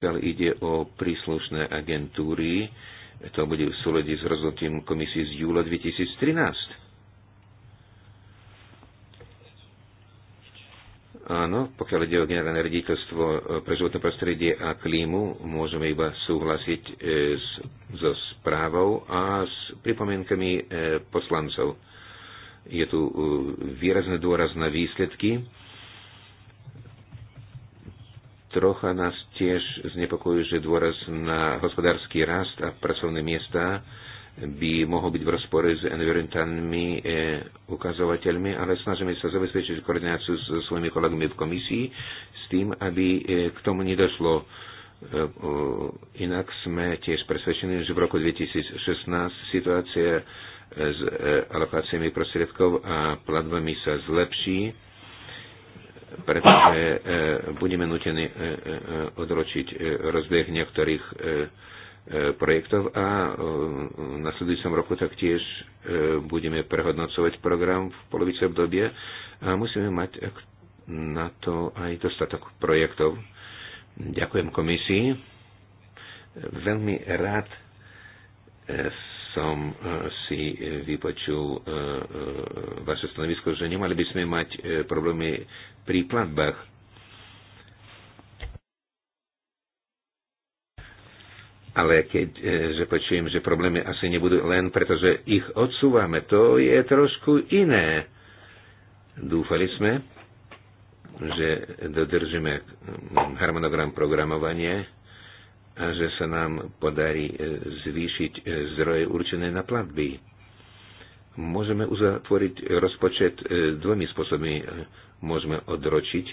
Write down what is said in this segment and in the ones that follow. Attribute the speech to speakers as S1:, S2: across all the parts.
S1: pokiaľ ide o príslušné agentúry, to bude v súlede s rozhodnutím komisie z júla 2013. Áno, pokiaľ ide o generálne rediteľstvo e, pre životné prostredie a klímu, môžeme iba súhlasiť e, s, so správou a s pripomienkami e, poslancov. Je tu výrazný dôraz na výsledky trocha nás tiež znepokojuje, že dôraz na hospodársky rast a pracovné miesta by mohol byť v rozpore s environmentálnymi e, ukazovateľmi, ale snažíme sa zabezpečiť koordináciu so svojimi kolegami v komisii s tým, aby e, k tomu nedošlo. E, e, inak sme tiež presvedčení, že v roku 2016 situácia s e, alokáciami prostriedkov a platbami sa zlepší pretože e, budeme nutení e, e, odročiť rozbieh niektorých projektov a v nasledujúcom roku taktiež budeme prehodnocovať program v polovici obdobie a musíme mať na to aj dostatok projektov. Ďakujem komisii. Veľmi rád som e, si e, vypočul e, vaše stanovisko, že nemali by sme mať problémy pri platbách. Ale keď že počujem, že problémy asi nebudú len pretože ich odsúvame, to je trošku iné. Dúfali sme, že dodržíme harmonogram programovania a že sa nám podarí e, zvýšiť e, zdroje určené na platby. Môžeme uzatvoriť rozpočet e, dvomi spôsobmi. Môžeme odročiť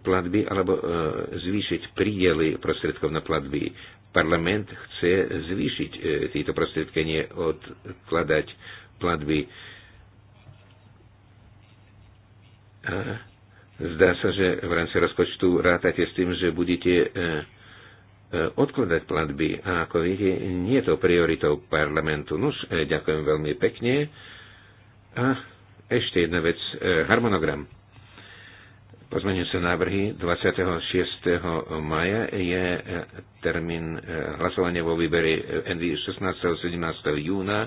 S1: platby alebo zvýšiť prídely prostriedkov na platby. Parlament chce zvýšiť tieto prostriedky, nie odkladať platby. zdá sa, že v rámci rozpočtu rátate s tým, že budete E, odkladať platby. A ako viete, nie je to prioritou parlamentu. Nuž, e, ďakujem veľmi pekne. A ešte jedna vec, e, harmonogram. Pozmenujúce návrhy 26. maja je termín hlasovania vo výbere ND 16. 17. júna,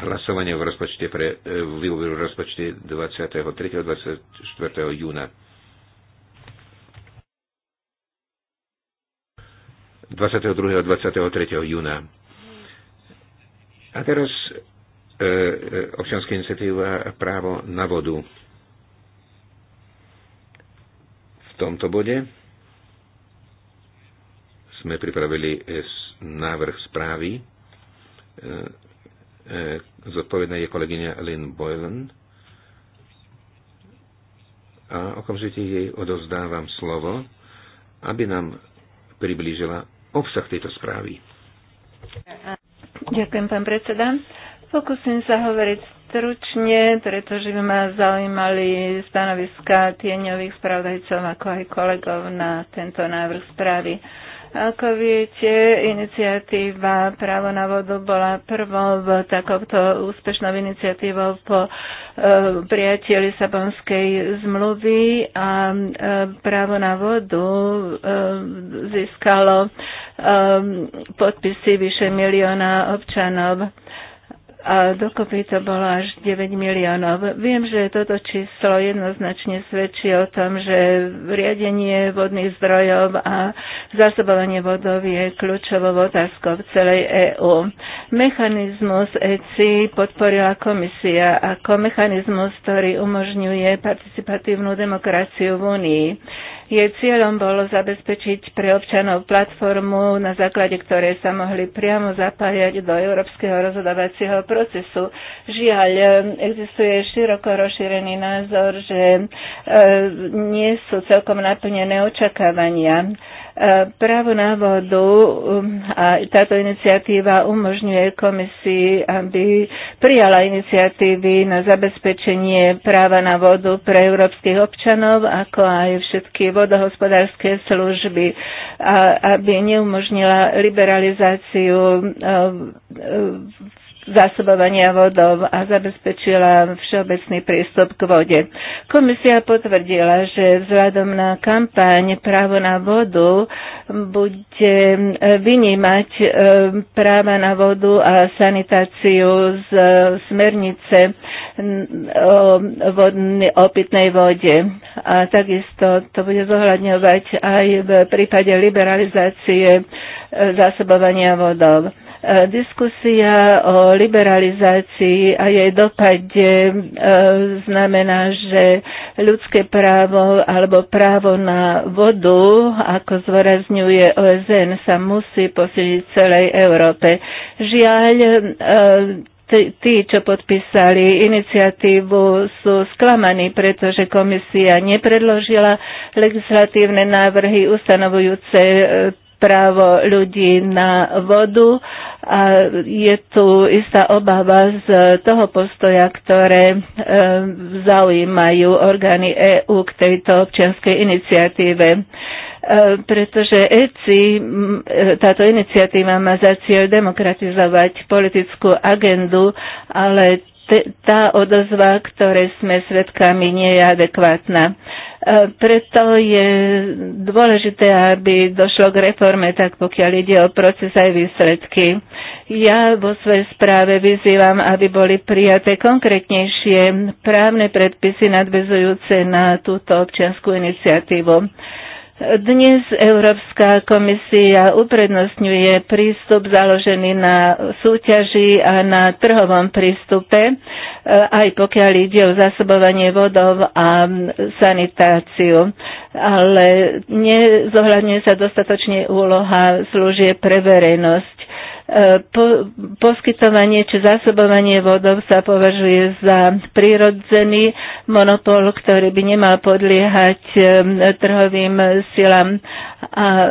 S1: hlasovanie v rozpočte pre, v výboru rozpočte 23. 24. júna. 22. a 23. júna. A teraz e, e, občianská iniciatíva právo na vodu. V tomto bode sme pripravili e, návrh správy. E, e, zodpovedná je kolegyňa Lynn Boylan. A okamžite jej odozdávam slovo, aby nám priblížila
S2: obsah tejto správy. Ďakujem, pán predseda. Pokúsim sa hovoriť stručne, pretože by ma zaujímali stanoviska tieňových spravodajcov ako aj kolegov na tento návrh správy. Ako viete, iniciatíva Právo na vodu bola prvou takouto úspešnou iniciatívou po e, prijatí Lisabonskej zmluvy a e, právo na vodu e, získalo Ehm, podpisy vyše milióna občanov a dokopy to bolo až 9 miliónov. Viem, že toto číslo jednoznačne svedčí o tom, že riadenie vodných zdrojov a zásobovanie vodov je kľúčovou otázkou v celej EÚ. Mechanizmus ECI podporila komisia ako mechanizmus, ktorý umožňuje participatívnu demokraciu v Únii. Jej cieľom bolo zabezpečiť pre občanov platformu, na základe ktorej sa mohli priamo zapájať do európskeho rozhodovacieho procesu. Žiaľ, existuje široko rozšírený názor, že e, nie sú celkom naplnené očakávania E, právo na vodu um, a táto iniciatíva umožňuje komisii, aby prijala iniciatívy na zabezpečenie práva na vodu pre európskych občanov, ako aj všetky vodohospodárske služby, aby neumožnila liberalizáciu e, e, zásobovania vodov a zabezpečila všeobecný prístup k vode. Komisia potvrdila, že vzhľadom na kampaň právo na vodu bude e, vynímať e, práva na vodu a sanitáciu z smernice o pitnej vode. A takisto to bude zohľadňovať aj v prípade liberalizácie e, zásobovania vodov. Diskusia o liberalizácii a jej dopade e, znamená, že ľudské právo alebo právo na vodu, ako zvorazňuje OSN, sa musí posilniť v celej Európe. Žiaľ, e, tí, čo podpísali iniciatívu, sú sklamaní, pretože komisia nepredložila legislatívne návrhy ustanovujúce e, právo ľudí na vodu a je tu istá obava z toho postoja, ktoré e, zaujímajú orgány EÚ k tejto občianskej iniciatíve. E, pretože ECI, e, táto iniciatíva má za cieľ demokratizovať politickú agendu, ale tá odozva, ktoré sme svedkami, nie je adekvátna. E, preto je dôležité, aby došlo k reforme, tak pokiaľ ide o proces aj výsledky. Ja vo svojej správe vyzývam, aby boli prijaté konkrétnejšie právne predpisy nadvezujúce na túto občianskú iniciatívu. Dnes Európska komisia uprednostňuje prístup založený na súťaži a na trhovom prístupe Eh, aj pokiaľ ide o zásobovanie vodov a sanitáciu. Ale nezohľadňuje sa dostatočne úloha služie pre verejnosť po, poskytovanie či zásobovanie vodov sa považuje za prírodzený monopol, ktorý by nemal podliehať e, trhovým silám a e,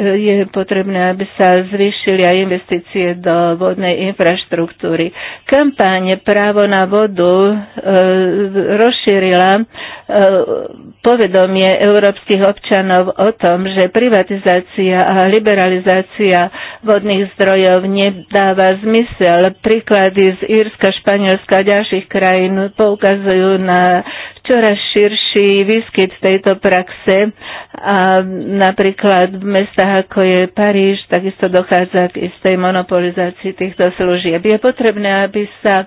S2: je potrebné, aby sa zvýšili aj investície do vodnej infraštruktúry. Kampáň Právo na vodu e, rozšírila E, povedomie európskych občanov o tom, že privatizácia a liberalizácia vodných zdrojov nedáva zmysel. Príklady z Írska, Španielska a ďalších krajín poukazujú na čoraz širší výskyt tejto praxe a napríklad v mestách ako je Paríž, takisto dochádza k istej monopolizácii týchto služieb. Je potrebné, aby sa e,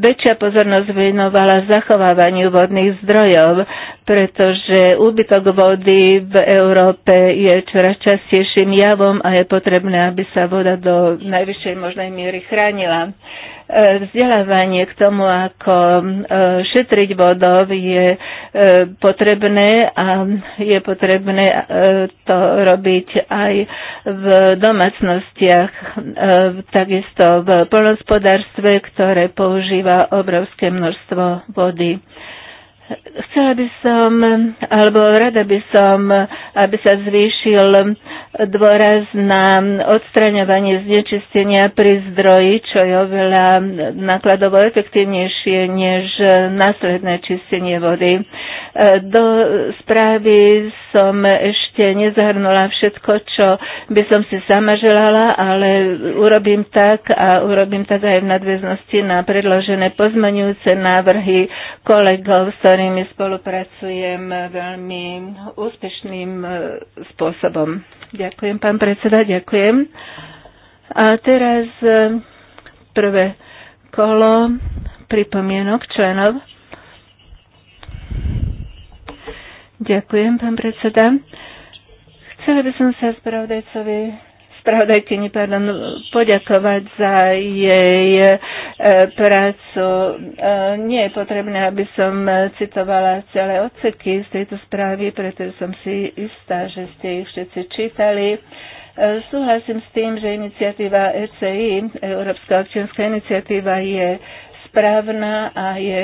S2: väčšia pozornosť venovala zachovávaniu vodných zdrojov, pretože úbytok vody v Európe je čoraz častejším javom a je potrebné, aby sa voda do najvyššej možnej miery chránila vzdelávanie k tomu, ako e, šetriť vodov je e, potrebné a je potrebné e, to robiť aj v domácnostiach, takisto v polnospodárstve, ktoré používa obrovské množstvo vody. Chcela by som, alebo rada by som, aby sa zvýšil dôraz na odstraňovanie znečistenia pri zdroji, čo je oveľa nákladovo efektívnejšie než následné čistenie vody. E, do správy som ešte nezahrnula všetko, čo by som si sama želala, ale urobím tak a urobím tak aj v nadväznosti na predložené pozmenujúce návrhy kolegov, s ktorými spolupracujem veľmi úspešným e, spôsobom. Ďakujem, pán predseda, ďakujem. A teraz e, prvé kolo pripomienok členov. Ďakujem, pán predseda. Chcela by som sa spravodajcovi spravodajkyni pardon, poďakovať za jej e, prácu. E, nie je potrebné, aby som citovala celé odseky z tejto správy, pretože som si istá, že ste ich všetci čítali. E, súhlasím s tým, že iniciatíva ECI, Európska občianská iniciatíva, je správna a je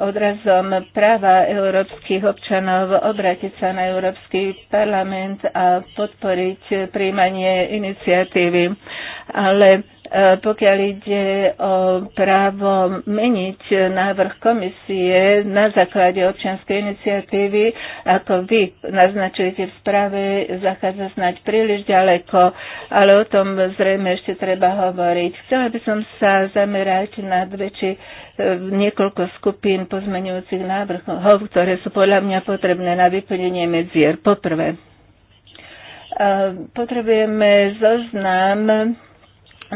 S2: odrazom práva európskych občanov obrátiť sa na Európsky parlament a podporiť príjmanie iniciatívy. Ale Eh, pokiaľ ide o právo meniť návrh komisie na základe občianskej iniciatívy, ako vy naznačujete v správe, zachádza snať príliš ďaleko, ale o tom zrejme ešte treba hovoriť. Chcela by som sa zamerať na dve či eh, niekoľko skupín pozmenujúcich návrhov, ktoré sú podľa mňa potrebné na vyplnenie medzier. Poprvé, eh, potrebujeme zoznam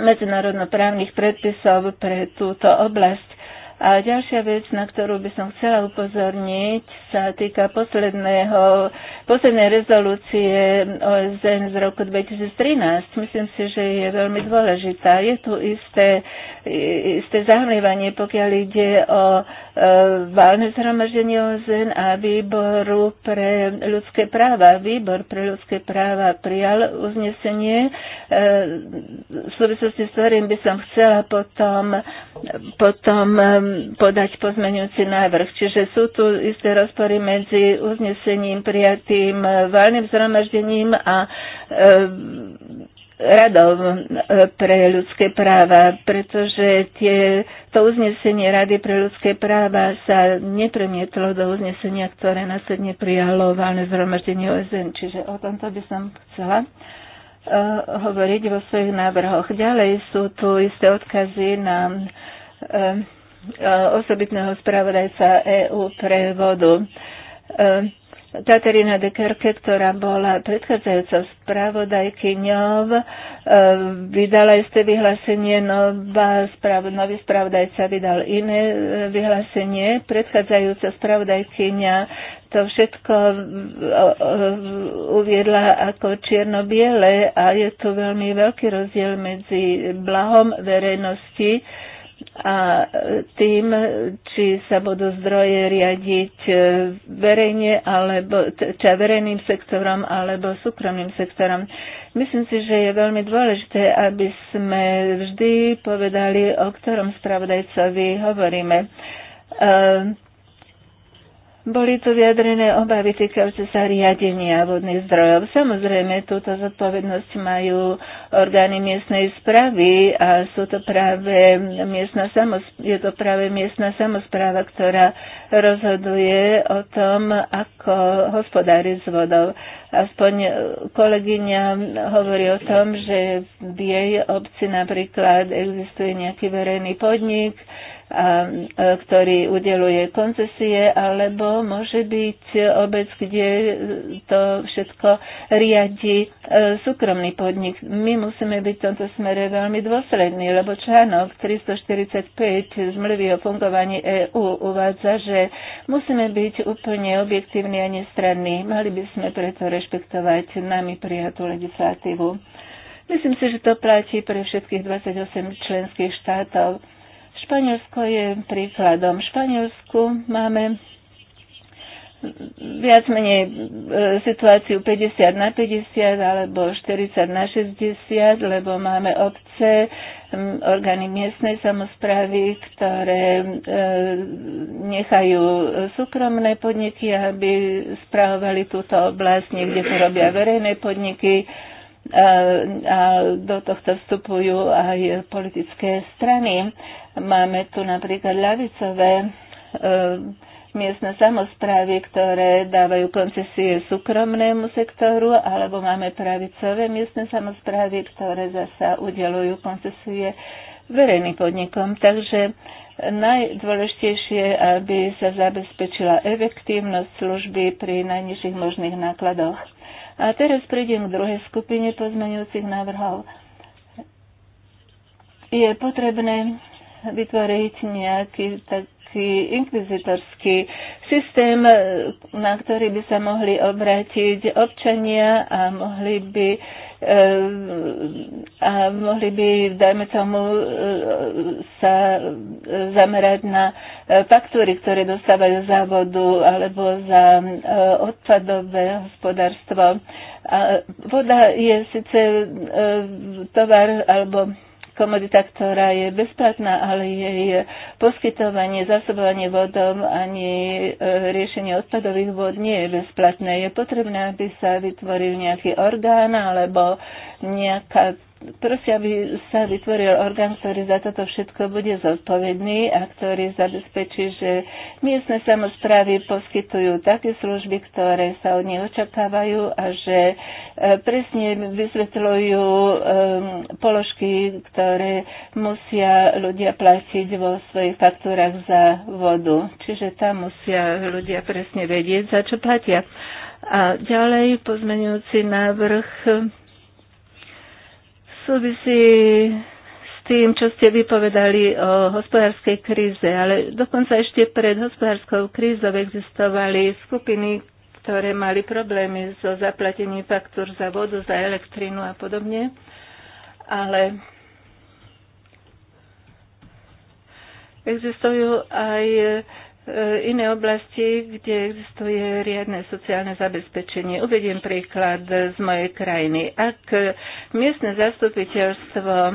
S2: medzinárodnoprávnych predpisov pre túto oblasť. A ďalšia vec, na ktorú by som chcela upozorniť, sa týka posledného, poslednej rezolúcie OSN z roku 2013. Myslím si, že je veľmi dôležitá. Je tu isté, isté zahmlievanie, pokiaľ ide o e, válne zhromaždenie OSN a výboru pre ľudské práva. Výbor pre ľudské práva prijal uznesenie, e, v súvislosti s ktorým by som chcela potom, potom potom podať pozmenujúci návrh. Čiže sú tu isté rozpory medzi uznesením prijatým valným zhromaždením a e, radov e, pre ľudské práva, pretože tie, to uznesenie Rady pre ľudské práva sa nepremietlo do uznesenia, ktoré následne prijalo valné zhromaždenie OSN. Čiže o tomto by som chcela e, hovoriť vo svojich návrhoch. Ďalej sú tu isté odkazy na uh, E, osobitného spravodajca EU pre vodu. E, Katarína de Kerke, ktorá bola predchádzajúca spravodajkyňov, e, vydala isté vyhlásenie, nová nový spravodajca vydal iné vyhlásenie, predchádzajúca spravodajkyňa to všetko uviedla ako čierno-biele a je tu veľmi veľký rozdiel medzi blahom verejnosti, a e, tým, či sa budú zdroje riadiť e, verejne alebo či verejným sektorom alebo súkromným sektorom. Myslím si, že je veľmi dôležité, aby sme vždy povedali, o ktorom spravodajcovi hovoríme. Uh, boli tu vyjadrené obavy týkajúce sa riadenia vodných zdrojov. Samozrejme, túto zodpovednosť majú orgány miestnej správy a sú to práve miestna samozpráva, je to práve miestna samozpráva, ktorá rozhoduje o tom, ako hospodári s vodou. Aspoň kolegyňa hovorí o tom, že v jej obci napríklad existuje nejaký verejný podnik, a, ktorý udeluje koncesie, alebo môže byť obec, kde to všetko riadi e, súkromný podnik. My musíme byť v tomto smere veľmi dôslední, lebo článok 345 zmluvy o fungovaní EÚ uvádza, že musíme byť úplne objektívni a nestranní. Mali by sme preto rešpektovať nami prijatú legislatívu. Myslím si, že to platí pre všetkých 28 členských štátov Španielsko je príkladom. V Španielsku máme viac menej e, situáciu 50 na 50 alebo 40 na 60, lebo máme obce, orgány miestnej samozprávy, ktoré e, nechajú súkromné podniky, aby správovali túto oblasť, niekde to robia verejné podniky do tohto vstupujú aj politické strany. Máme tu napríklad ľavicové e, miestne samozprávy, ktoré dávajú koncesie súkromnému sektoru, alebo máme pravicové miestne samozprávy, ktoré zasa udelujú koncesie verejným podnikom. Takže najdôležitejšie, aby sa zabezpečila efektívnosť služby pri najnižších možných nákladoch. A teraz prejdem k druhej skupine pozmeňujúcich návrhov. Je potrebné vytvoriť nejaký tak, taký inkvizitorský systém, na ktorý by sa mohli obrátiť občania a mohli by eh, a mohli by, dajme tomu, eh, sa zamerať na eh, faktúry, ktoré dostávajú za vodu alebo za odpadové hospodárstvo. A voda je síce tovar alebo komodita, ktorá je bezplatná, ale jej poskytovanie, zásobovanie vodom ani e, riešenie odpadových vod nie je bezplatné. Je potrebné, aby sa vytvoril nejaký orgán alebo nejaká Prosia, aby sa vytvoril orgán, ktorý za toto všetko bude zodpovedný a ktorý zabezpečí, že miestne samozprávy poskytujú také služby, ktoré sa od nich očakávajú a že e, presne vysvetľujú e, položky, ktoré musia ľudia platiť vo svojich faktúrach za vodu. Čiže tam musia ľudia presne vedieť, za čo platia. A ďalej pozmenujúci návrh súvisí s tým, čo ste vypovedali o hospodárskej kríze, ale dokonca ešte pred hospodárskou krízou existovali skupiny, ktoré mali problémy so zaplatením faktúr za vodu, za elektrínu a podobne. Ale existujú aj E, iné oblasti, kde existuje riadne sociálne zabezpečenie. Uvediem príklad z mojej krajiny. Ak miestne zastupiteľstvo e,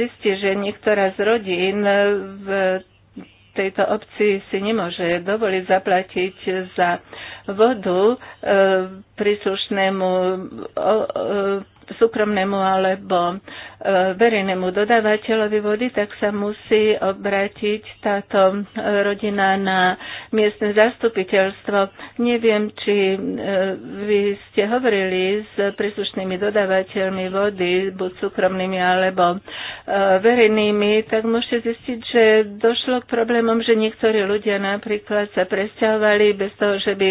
S2: zistí, že niektorá z rodín v tejto obci si nemôže dovoliť zaplatiť za vodu e, príslušnému súkromnému alebo e, verejnému dodávateľovi vody, tak sa musí obrátiť táto e, rodina na miestne zastupiteľstvo. Neviem, či e, vy ste hovorili s príslušnými dodávateľmi vody, buď súkromnými alebo verejnými, tak môžete zistiť, že došlo k problémom, že niektorí ľudia napríklad sa presťahovali bez toho, že by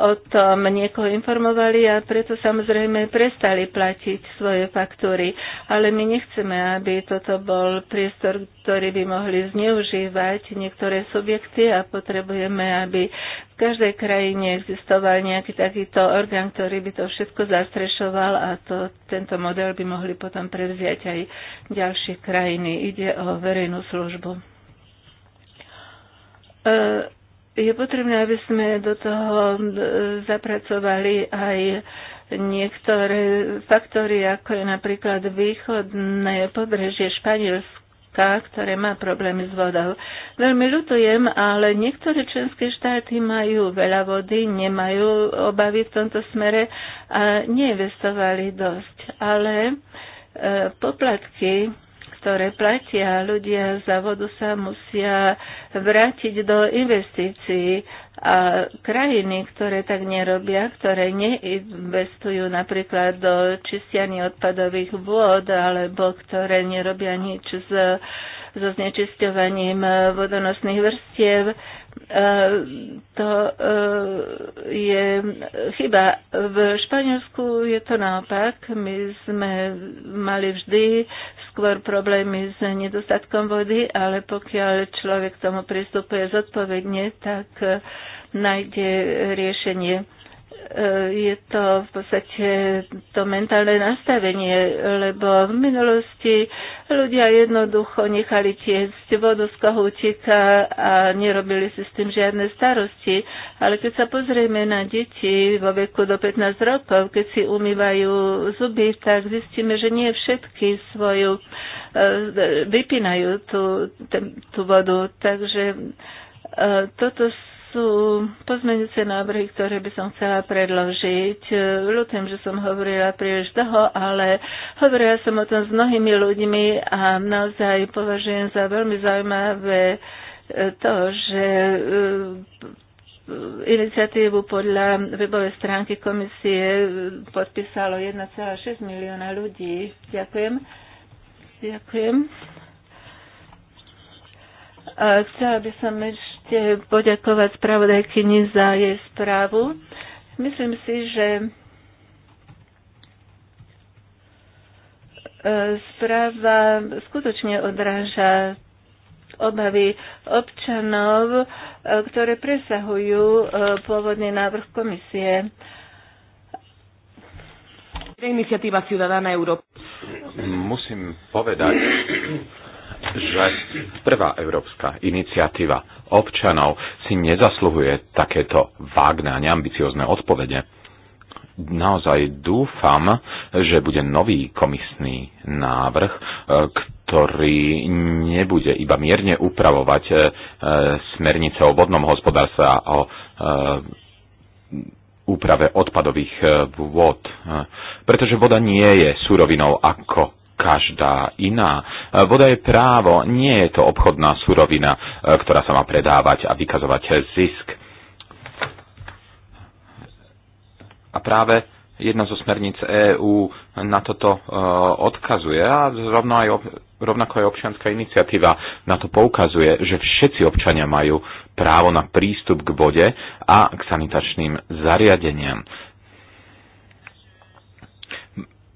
S2: o tom niekoho informovali a preto samozrejme prestali platiť robiť svoje faktúry. Ale my nechceme, aby toto bol priestor, ktorý by mohli zneužívať niektoré subjekty a potrebujeme, aby v každej krajine existoval nejaký takýto orgán, ktorý by to všetko zastrešoval a to, tento model by mohli potom prevziať aj ďalšie krajiny. Ide o verejnú službu e, je potrebné, aby sme do toho e, zapracovali aj niektoré faktory, ako je napríklad východné pobrežie Španielska, Slovenska, ktoré má problémy s vodou. Veľmi ľutujem, ale niektoré členské štáty majú veľa vody, nemajú obavy v tomto smere a neinvestovali dosť. Ale e, poplatky ktoré platia ľudia za vodu, sa musia vrátiť do investícií. A krajiny, ktoré tak nerobia, ktoré neinvestujú napríklad do čistiania odpadových vôd alebo ktoré nerobia nič s so znečisťovaním vodonosných vrstiev, E, to e, je chyba. V Španielsku je to naopak. My sme mali vždy skôr problémy s nedostatkom vody, ale pokiaľ človek k tomu pristupuje zodpovedne, tak e, nájde riešenie. E, je to v podstate to mentálne nastavenie, lebo v minulosti ľudia jednoducho nechali tiecť vodu z kohútika a nerobili si s tým žiadne starosti. Ale keď sa pozrieme na deti vo veku do 15 rokov, keď si umývajú zuby, tak zistíme, že nie všetky svoju e, vypínajú tú, tú vodu. Takže e, toto sú pozmeňujúce návrhy, ktoré by som chcela predložiť. Ľutujem, že som hovorila príliš dlho, ale hovorila som o tom s mnohými ľuďmi a naozaj považujem za veľmi zaujímavé e, to, že e, iniciatívu podľa webovej stránky komisie podpísalo 1,6 milióna ľudí. Ďakujem. Ďakujem. A chcela by som ešte ešte poďakovať spravodajkyni za jej správu. Myslím si, že e, správa skutočne odráža obavy občanov, e, ktoré presahujú e, pôvodný návrh komisie. Iniciatíva Ciudadana Európy.
S3: Musím povedať, že prvá európska iniciatíva občanov si nezasluhuje takéto vágne a neambiciozne odpovede. Naozaj dúfam, že bude nový komisný návrh, ktorý nebude iba mierne upravovať e, e, smernice o vodnom hospodárstve a o e, úprave odpadových vôd. Pretože voda nie je surovinou ako každá iná. E, Voda je právo, nie je to obchodná surovina, e, ktorá sa má predávať a vykazovať zisk. A práve jedna zo smerníc EÚ na toto e, odkazuje a rovno aj, rovnako aj občianská iniciatíva na to poukazuje, že všetci občania majú právo na prístup k vode a k sanitačným zariadeniam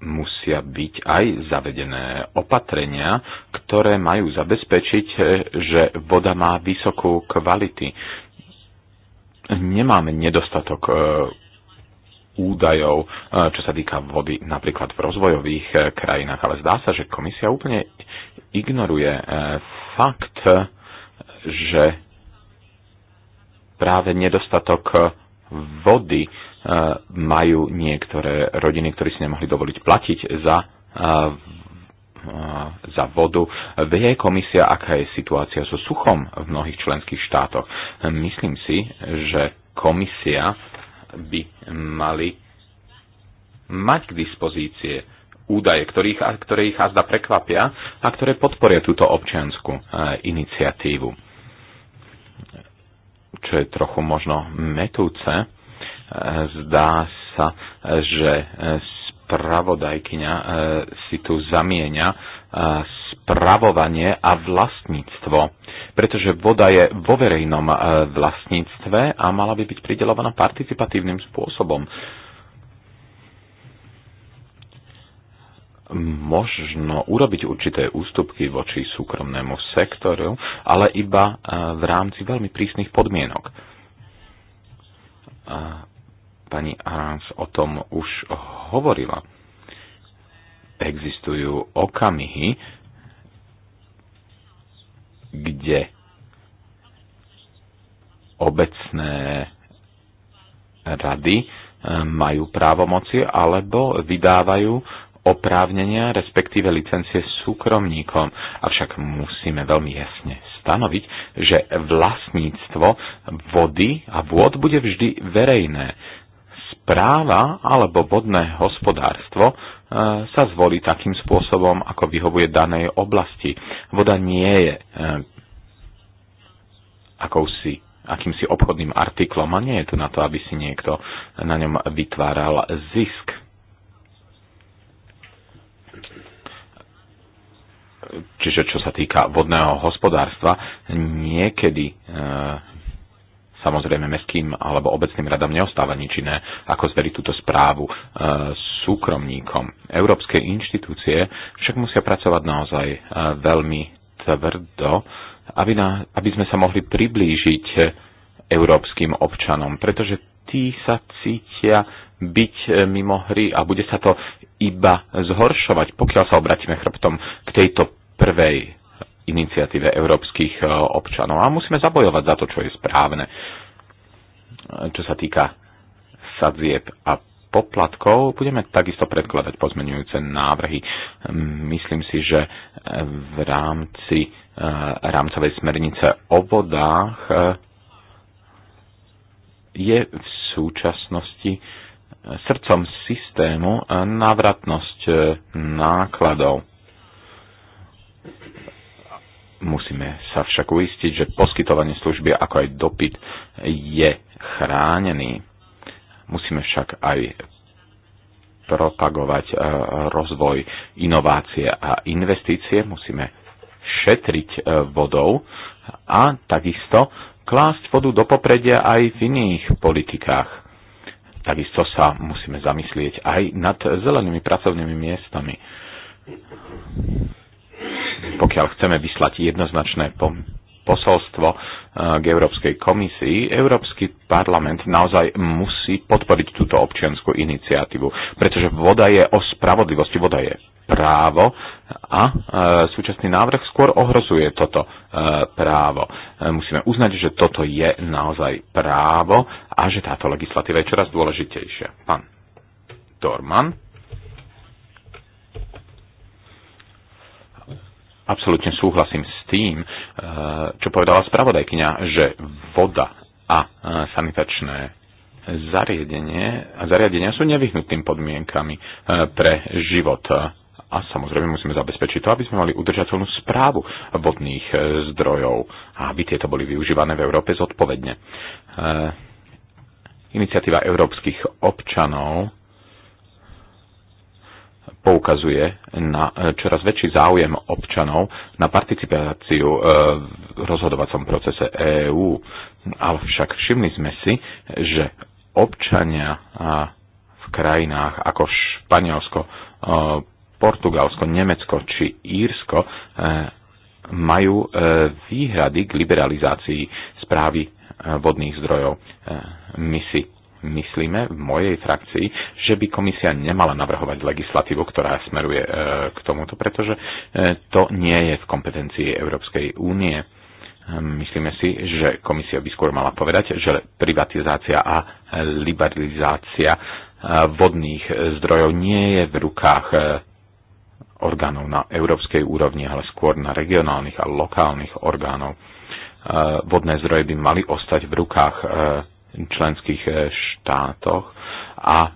S3: musia byť aj zavedené opatrenia, ktoré majú zabezpečiť, eh, že voda má vysokú kvality. Nemáme nedostatok eh, údajov, eh, čo sa týka vody napríklad v rozvojových krajinách, ale zdá sa, že komisia úplne ignoruje fakt, že práve nedostatok vody majú niektoré rodiny, ktorí si nemohli dovoliť platiť za, za vodu. Vie komisia, aká je situácia so suchom v mnohých členských štátoch. Myslím si, že komisia by mali mať k dispozície údaje, ktorých, ktoré ich azda prekvapia a ktoré podporia túto občianskú iniciatívu. Čo je trochu možno metúce, Zdá sa, že spravodajkyňa e, si tu zamieňa e, spravovanie a vlastníctvo. Pretože voda je vo verejnom e, vlastníctve a mala by byť pridelovaná participatívnym spôsobom. možno urobiť určité ústupky voči súkromnému sektoru, ale iba v rámci veľmi prísnych podmienok. Pani Arans o tom už hovorila. Existujú okamihy, kde obecné rady eh, majú právomoci alebo vydávajú oprávnenia, respektíve licencie súkromníkom. Avšak musíme veľmi jasne stanoviť, že vlastníctvo vody a vôd bude vždy verejné správa alebo vodné hospodárstvo e, sa zvolí takým spôsobom, ako vyhovuje danej oblasti. Voda nie je e, akousi akýmsi obchodným artiklom a nie je to na to, aby si niekto na ňom vytváral zisk. Čiže čo sa týka vodného hospodárstva, niekedy e, Samozrejme, mestským alebo obecným radám neostáva nič iné, ako zveriť túto správu e, súkromníkom. Európske inštitúcie však musia pracovať naozaj e, veľmi tvrdo, aby, na, aby sme sa mohli priblížiť európskym občanom, pretože tí sa cítia byť e, mimo hry a bude sa to iba zhoršovať, pokiaľ sa obratíme chrbtom k tejto prvej iniciatíve európskych e, občanov. A musíme zabojovať za to, čo je správne, e, čo sa týka sadzieb a poplatkov. Budeme takisto predkladať pozmenujúce návrhy. Myslím si, že v rámci e, rámcovej smernice o vodách je v súčasnosti srdcom systému návratnosť nákladov. Musíme sa však uistiť, že poskytovanie služby ako aj dopyt je chránený. Musíme však aj propagovať e, rozvoj inovácie a investície, musíme šetriť e, vodou a takisto klásť vodu do popredia aj v iných politikách. Takisto sa musíme zamyslieť aj nad zelenými pracovnými miestami pokiaľ chceme vyslať jednoznačné posolstvo eh, k Európskej komisii, Európsky parlament naozaj musí podporiť túto občianskú iniciatívu, pretože voda je o spravodlivosti, voda je právo a e, súčasný návrh skôr ohrozuje toto e, právo. E, musíme uznať, že toto je naozaj právo a že táto legislatíva je čoraz dôležitejšia. Pán Dorman. absolútne súhlasím s tým, eh, čo povedala spravodajkňa, že voda a eh, sanitačné zariadenie, zariadenia sú nevyhnutným podmienkami eh, pre život. A samozrejme musíme zabezpečiť to, aby sme mali udržateľnú správu vodných zdrojov a aby tieto boli využívané v Európe zodpovedne. Iniciatíva európskych občanov poukazuje na e, čoraz väčší záujem občanov na participáciu e, v rozhodovacom procese EÚ. Avšak všimli sme si, že občania e, v krajinách ako Španielsko, Portugalsko, Nemecko či Írsko majú výhrady k liberalizácii správy vodných zdrojov. My si myslíme v mojej frakcii, že by komisia nemala navrhovať legislatívu, ktorá smeruje e, k tomuto, pretože e, to nie je v kompetencii Európskej únie. E, myslíme si, že komisia by skôr mala povedať, že privatizácia a liberalizácia vodných zdrojov nie je v rukách orgánov na európskej úrovni, ale skôr na regionálnych a lokálnych orgánov. Vodné zdroje by mali ostať v rukách členských eh, štátoch a eh,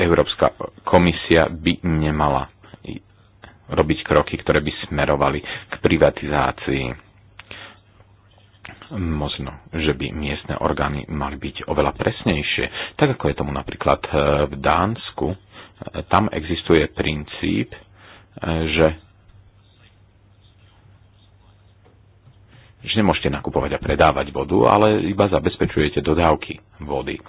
S3: Európska komisia by nemala robiť kroky, ktoré by smerovali k privatizácii možno, že by miestne orgány mali byť oveľa presnejšie. Tak ako je tomu napríklad eh, v Dánsku, tam existuje princíp, že že nemôžete nakupovať a predávať vodu, ale iba zabezpečujete dodávky vody.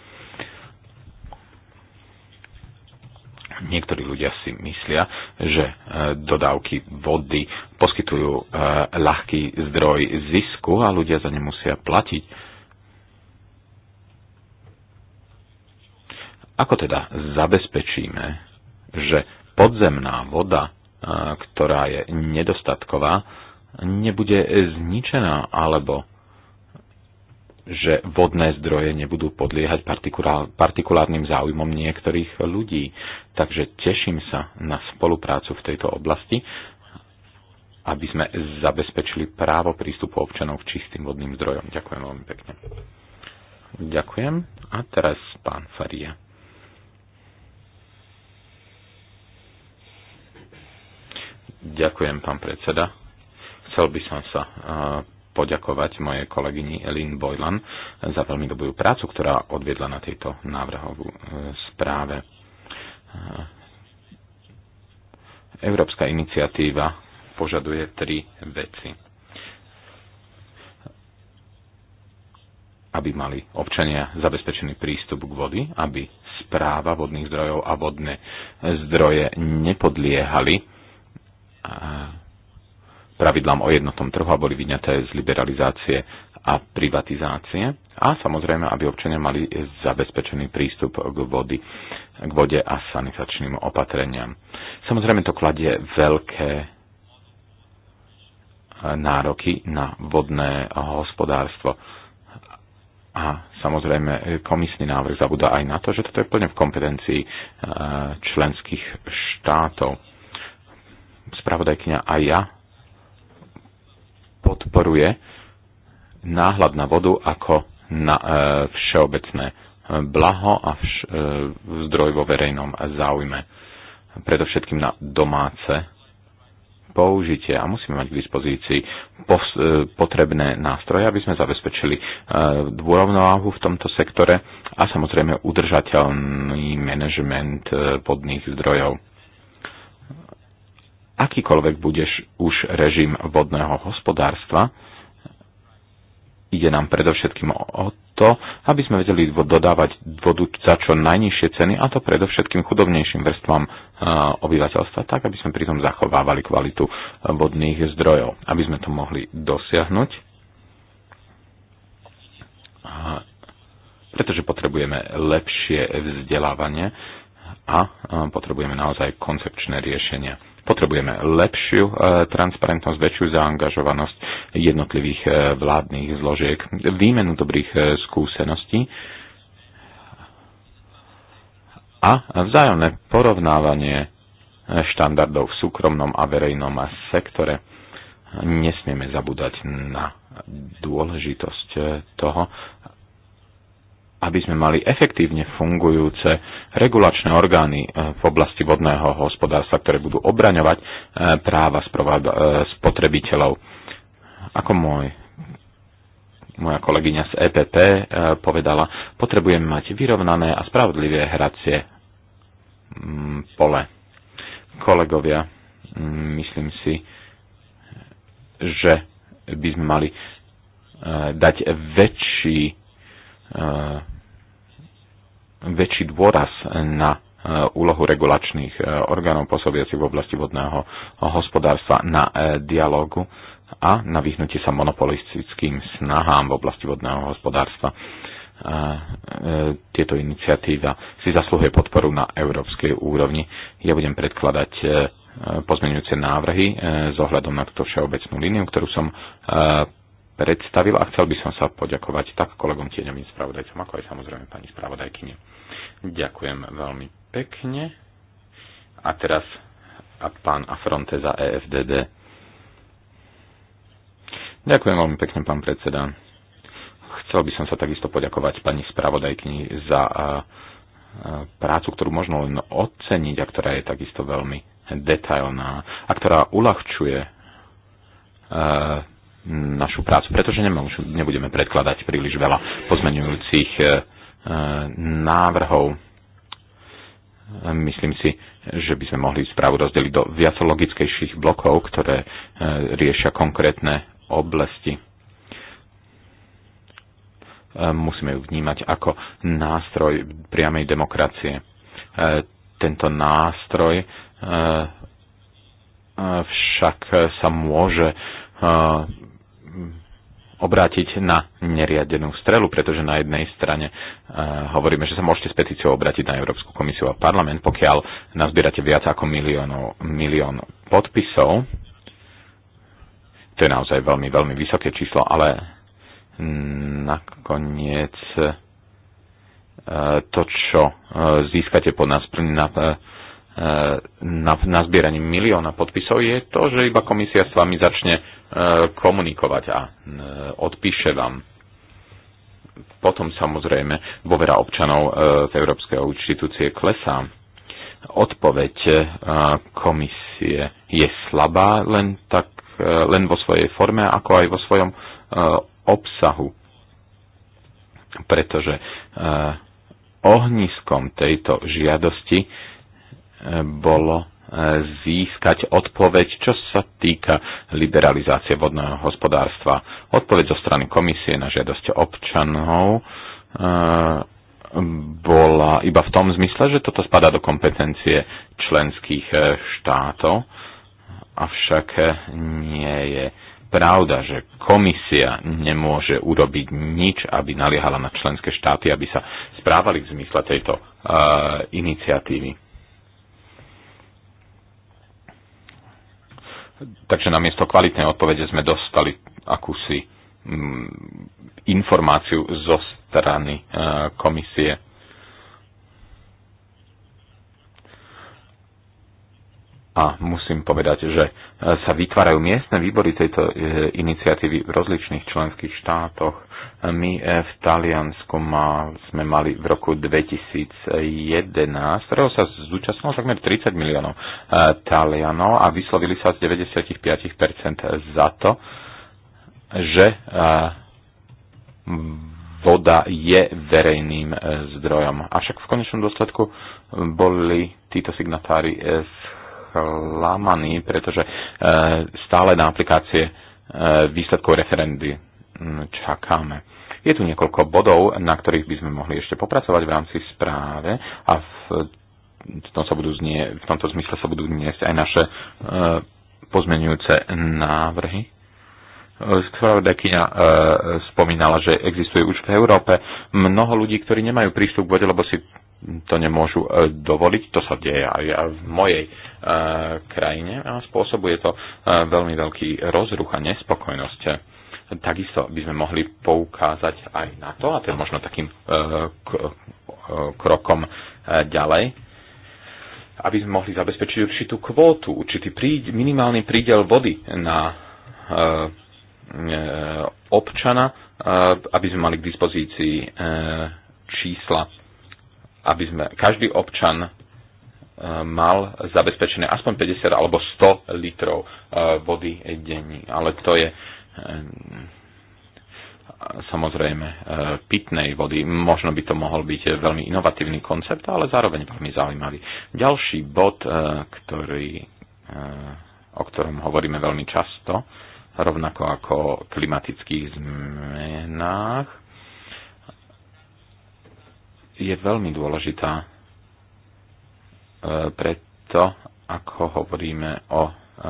S3: Niektorí ľudia si myslia, že e, dodávky vody poskytujú e, ľahký zdroj zisku a ľudia za ne musia platiť. Ako teda zabezpečíme, že podzemná voda, e, ktorá je nedostatková, nebude e, zničená, alebo že vodné zdroje nebudú podliehať partikulárnym záujmom niektorých ľudí. Takže teším sa na spoluprácu v tejto oblasti, aby sme zabezpečili právo prístupu občanov k čistým vodným zdrojom. Ďakujem veľmi pekne. Ďakujem. A teraz pán Faria. Ďakujem, pán predseda. Chcel by som sa eh, poďakovať mojej kolegyni Elin Bojlan za veľmi dobrú prácu, ktorá odviedla na tejto návrhovú eh, správe. Eh, Európska iniciatíva požaduje tri veci. aby mali občania zabezpečený prístup k vody, aby správa vodných zdrojov a vodné zdroje nepodliehali pravidlám o jednotnom trhu a boli vyňaté z liberalizácie a privatizácie a samozrejme, aby občania mali zabezpečený prístup k, vody, k vode a sanitačným opatreniam. Samozrejme, to kladie veľké e, nároky na vodné hospodárstvo. A samozrejme, komisný návrh zabúda aj na to, že toto je plne v kompetencii e, členských štátov. Spravodajkňa aj ja podporuje náhľad na vodu ako na e, všeobecné blaho a vš, e, zdroj vo verejnom záujme. Predovšetkým na domáce použitie a musíme mať k dispozícii pos, e, potrebné nástroje, aby sme zabezpečili e, dôrovnováhu v tomto sektore a samozrejme udržateľný manažment e, vodných zdrojov akýkoľvek budeš už režim vodného hospodárstva, ide nám predovšetkým o to, aby sme vedeli dodávať vodu za čo najnižšie ceny, a to predovšetkým chudobnejším vrstvám e, obyvateľstva, tak aby sme pritom zachovávali kvalitu vodných zdrojov. Aby sme to mohli dosiahnuť, pretože potrebujeme lepšie vzdelávanie a e, potrebujeme naozaj koncepčné riešenia Potrebujeme lepšiu e, transparentnosť, väčšiu zaangažovanosť jednotlivých e, vládnych zložiek, výmenu dobrých e, skúseností a vzájomné porovnávanie štandardov v súkromnom a verejnom sektore. Nesmieme zabúdať na dôležitosť toho, aby sme mali efektívne fungujúce regulačné orgány eh, v oblasti vodného hospodárstva, ktoré budú obraňovať eh, práva eh, spotrebiteľov. Ako môj, moja kolegyňa z EPP povedala, potrebujeme mať vyrovnané a spravodlivé hracie mm, pole. Kolegovia, mm, myslím si, že by sme mali dať väčší E, väčší dôraz na e, úlohu regulačných e, orgánov pôsobiacich v oblasti vodného hospodárstva na dialogu a na vyhnutie sa monopolistickým snahám v oblasti vodného hospodárstva. Tieto iniciatíva si zaslúhuje podporu na európskej úrovni. Ja budem predkladať pozmeňujúce návrhy s ohľadom na túto všeobecnú líniu, ktorú som predstavil a chcel by som sa poďakovať tak kolegom tieňovým spravodajcom, ako aj samozrejme pani spravodajkyne. Ďakujem veľmi pekne. A teraz a pán Afronte za EFDD. Ďakujem veľmi pekne, pán predseda. Chcel by som sa takisto poďakovať pani spravodajkyni za prácu, ktorú možno len oceniť a ktorá je takisto veľmi detailná a ktorá uľahčuje našu prácu, pretože nebudeme predkladať príliš veľa pozmenujúcich e, e, návrhov. Myslím si, že by sme mohli správu rozdeliť do viacologickejších blokov, ktoré e, riešia konkrétne oblasti. Musíme ju vnímať ako nástroj priamej demokracie. Tento nástroj však sa môže obrátiť na neriadenú strelu, pretože na jednej strane e, hovoríme, že sa môžete s petíciou obrátiť na Európsku komisiu a parlament, pokiaľ nazbierate viac ako miliónov, milión podpisov. To je naozaj veľmi, veľmi vysoké číslo, ale nakoniec e, to, čo e, získate pod nás na, e, na, na zbieraní milióna podpisov je to, že iba komisia s vami začne e, komunikovať a e, odpíše vám. Potom samozrejme dôvera občanov e, v Európskej inštitúcie klesá. Odpoveď e, komisie je slabá len, tak, len vo svojej forme, ako aj vo svojom obsahu. Pretože ohniskom tejto žiadosti uh, bolo e, získať odpoveď, čo sa týka liberalizácie vodného hospodárstva. Odpoveď zo strany komisie na žiadosť občanov e, bola iba v tom zmysle, že toto spadá do kompetencie členských e, štátov, avšak nie je pravda, že komisia nemôže urobiť nič, aby naliehala na členské štáty, aby sa správali v zmysle tejto uh, iniciatívy Takže namiesto kvalitnej odpovede sme dostali akúsi mm, informáciu zo strany e, komisie a musím povedať, že e, sa vytvárajú miestne výbory tejto e, iniciatívy v rozličných členských štátoch. My e, v Taliansku sme mali v roku 2011, ktorého sa zúčastnilo takmer 30 miliónov Talianov a vyslovili sa z 95% za to, že voda je verejným zdrojom. Avšak v konečnom dôsledku boli títo signatári sklamaní, pretože e, stále na aplikácie e, výsledkov referendy čakáme. Je tu niekoľko bodov, na ktorých by sme mohli ešte popracovať v rámci správe a v, tom sa budú znie, v tomto zmysle sa budú niesť aj naše e, pozmenujúce návrhy. Spravodajkyňa e, spomínala, že existuje už v Európe mnoho ľudí, ktorí nemajú prístup k vode, lebo si to nemôžu e, dovoliť. To sa deje aj v mojej e, krajine a spôsobuje to e, veľmi veľký rozruch a nespokojnosť. Takisto by sme mohli poukázať aj na to, a to je možno takým krokom ďalej, aby sme mohli zabezpečiť určitú kvótu, určitý príď, minimálny prídel vody na občana, aby sme mali k dispozícii čísla aby sme každý občan e, mal zabezpečené aspoň 50 alebo 100 litrov e, vody denne. Ale to je e, samozrejme pitnej vody. Možno by to mohol byť veľmi inovatívny koncept, ale zároveň veľmi zaujímavý. Ďalší bod, ktorý, o ktorom hovoríme veľmi často, rovnako ako o klimatických zmenách, je veľmi dôležitá e, to, ako hovoríme o, e,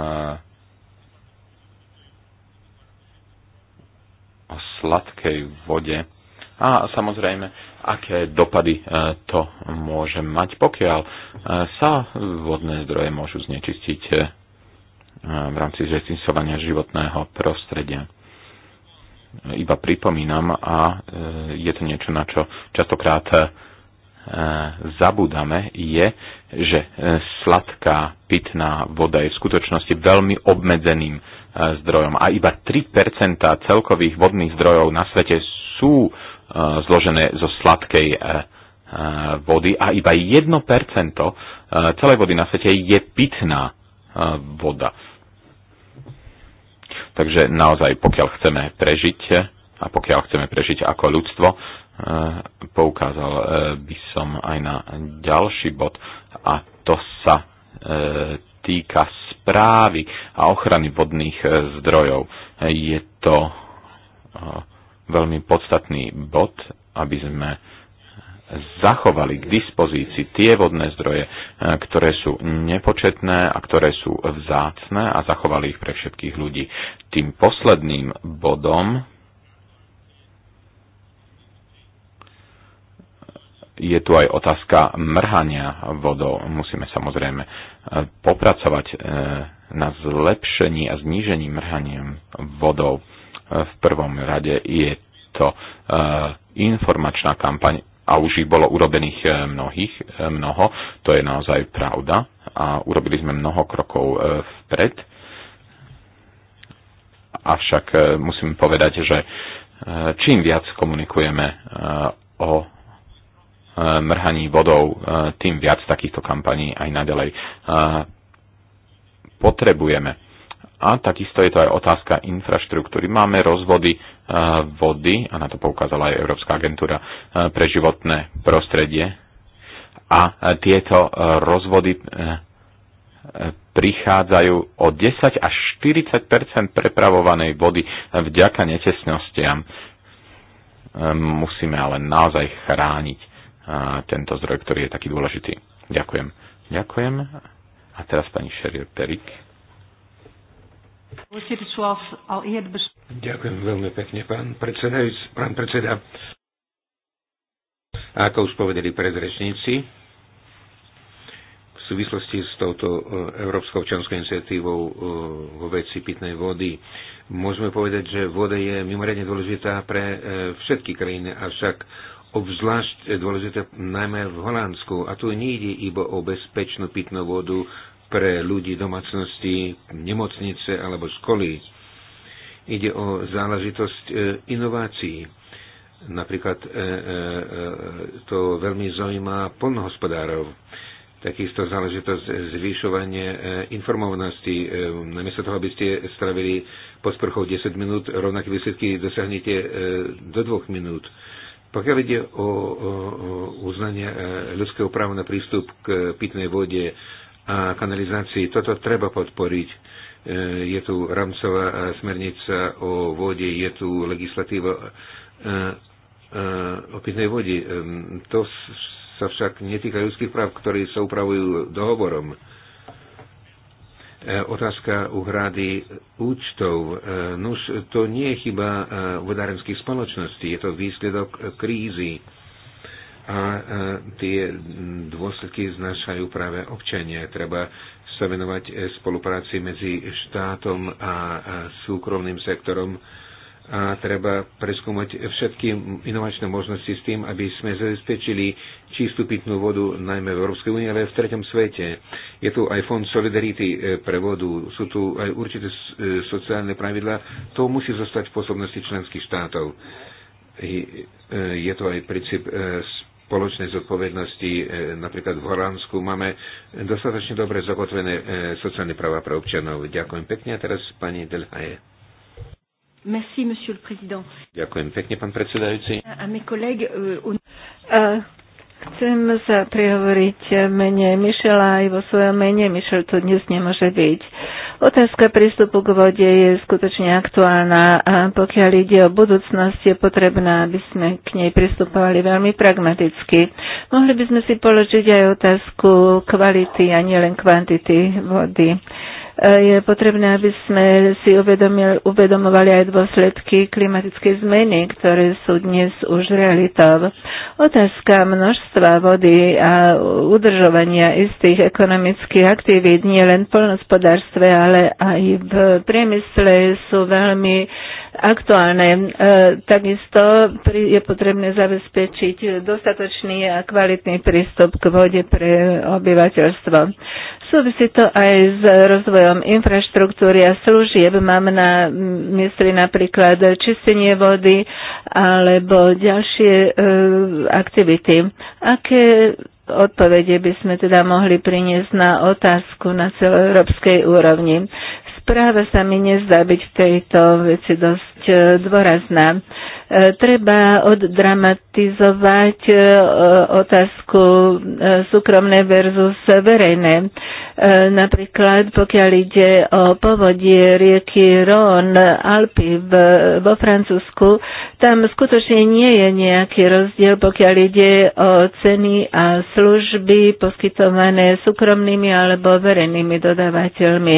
S3: o sladkej vode
S2: a samozrejme,
S3: aké dopady e, to môže mať, pokiaľ sa vodné zdroje môžu znečistiť v rámci zrecinsovania životného prostredia iba pripomínam a e, je to niečo, na čo častokrát e, zabúdame, je, že e, sladká pitná voda je v skutočnosti veľmi obmedzeným zdrojom a iba 3 celkových vodných zdrojov na svete sú zložené zo sladkej vody a iba 1 celej vody na svete je pitná voda. Takže naozaj, pokiaľ chceme prežiť a pokiaľ chceme prežiť ako ľudstvo, e, poukázal e, by som aj na ďalší bod a to sa e, týka správy a ochrany vodných zdrojov. Je to veľmi podstatný bod, aby sme zachovali k dispozícii tie vodné zdroje, e, ktoré sú nepočetné a ktoré sú vzácne a zachovali ich pre všetkých ľudí. Tým posledným bodom je tu aj otázka mrhania vodou. Musíme samozrejme e, popracovať e, na zlepšení a znížení mrhaniem vodou. V prvom rade je to informačná kampaň a už ich bolo urobených e, mnohých, e, mnoho, to je naozaj pravda a urobili sme mnoho krokov e, vpred. Avšak musím povedať, že čím viac komunikujeme o mrhaní vodou, tým viac takýchto kampaní aj naďalej potrebujeme a takisto je to aj otázka infraštruktúry. Máme rozvody e, vody, a na to poukázala aj Európska agentúra e, pre životné prostredie. A e, tieto rozvody prichádzajú o 10 až 40 prepravovanej vody vďaka netesnostiam. Musíme ale naozaj chrániť tento zdroj, ktorý je taký dôležitý. Ďakujem. Ďakujem. A teraz pani Šerier Perik.
S1: Ďakujem veľmi pekne, pán predsedajúci, pán predseda. A Ako už povedali predrečníci, v súvislosti s touto e, Európskou občanskou iniciatívou e, vo veci pitnej vody, môžeme povedať, že voda je mimoriadne dôležitá pre e, všetky krajiny, avšak obzvlášť dôležité najmä v Holandsku. A tu nie ide iba o bezpečnú pitnú vodu pre ľudí domácnosti, nemocnice alebo školy. Ide o záležitosť e, inovácií. Napríklad e, e, to veľmi zaujíma polnohospodárov. Takisto záležitosť zvyšovanie informovanosti. Namiesto toho, aby ste stravili pod sprchou 10 minút, rovnaké výsledky dosiahnete do 2 minút. Pokiaľ ide o, o uznanie ľudského práva na prístup k pitnej vode, a kanalizácii. Toto treba podporiť. E, je tu rámcová e, smernica o vode, je tu legislatíva e, o pitnej vode. To sa však netýka ľudských práv, ktoré sa upravujú dohovorom. Otázka uhrady účtov. Nuž, to nie je chyba vodárenských spoločností, je to výsledok krízy a e, tie dôsledky znašajú práve občania. Treba sa venovať e, spolupráci medzi štátom a súkromným sektorom a treba preskúmať všetky inovačné možnosti s tým, aby sme zabezpečili čistú pitnú vodu najmä v Európskej únii, ale aj v treťom svete. Je tu aj fond solidarity e, pre vodu, sú tu aj určité sociálne pravidlá, to musí zostať v pôsobnosti členských štátov je to aj princíp spoločnej zodpovednosti. E, napríklad v Horánsku máme dostatočne dobre zakotvené e, sociálne práva pre občanov. Ďakujem pekne. A teraz pani Delhaje.
S2: Merci, monsieur le président.
S1: Ďakujem pekne, pán predsedajúci.
S2: A, a mes collègues, uh, on... E, uh, Chcem sa prihovoriť mene Mišela aj vo svojom mene. Mišel tu dnes nemôže byť. Otázka prístupu k vode je skutočne aktuálna a pokiaľ ide o budúcnosť, je potrebná, aby sme k nej pristupovali veľmi pragmaticky. Mohli by sme si položiť aj otázku kvality a nielen kvantity vody. Je potrebné, aby sme si uvedomovali aj dôsledky klimatickej zmeny, ktoré sú dnes už realitou. Otázka množstva vody a udržovania istých ekonomických aktivít nie len v polnospodárstve, ale aj v priemysle sú veľmi aktuálne. E, takisto je potrebné zabezpečiť dostatočný a kvalitný prístup k vode pre obyvateľstvo. Súvisí to aj s rozvojom infraštruktúry a služieb. Mám na mysli napríklad čistenie vody alebo ďalšie e, aktivity. Aké odpovede by sme teda mohli priniesť na otázku na celoeurópskej úrovni? Správa sa mi nezdá byť v tejto veci dosť e, dôrazná. E, treba oddramatizovať e, otázku e, súkromné versus verejné. Napríklad, pokiaľ ide o povodie rieky Rhône, Alpy v, vo Francúzsku, tam skutočne nie je nejaký rozdiel, pokiaľ ide o ceny a služby poskytované súkromnými alebo verejnými dodávateľmi.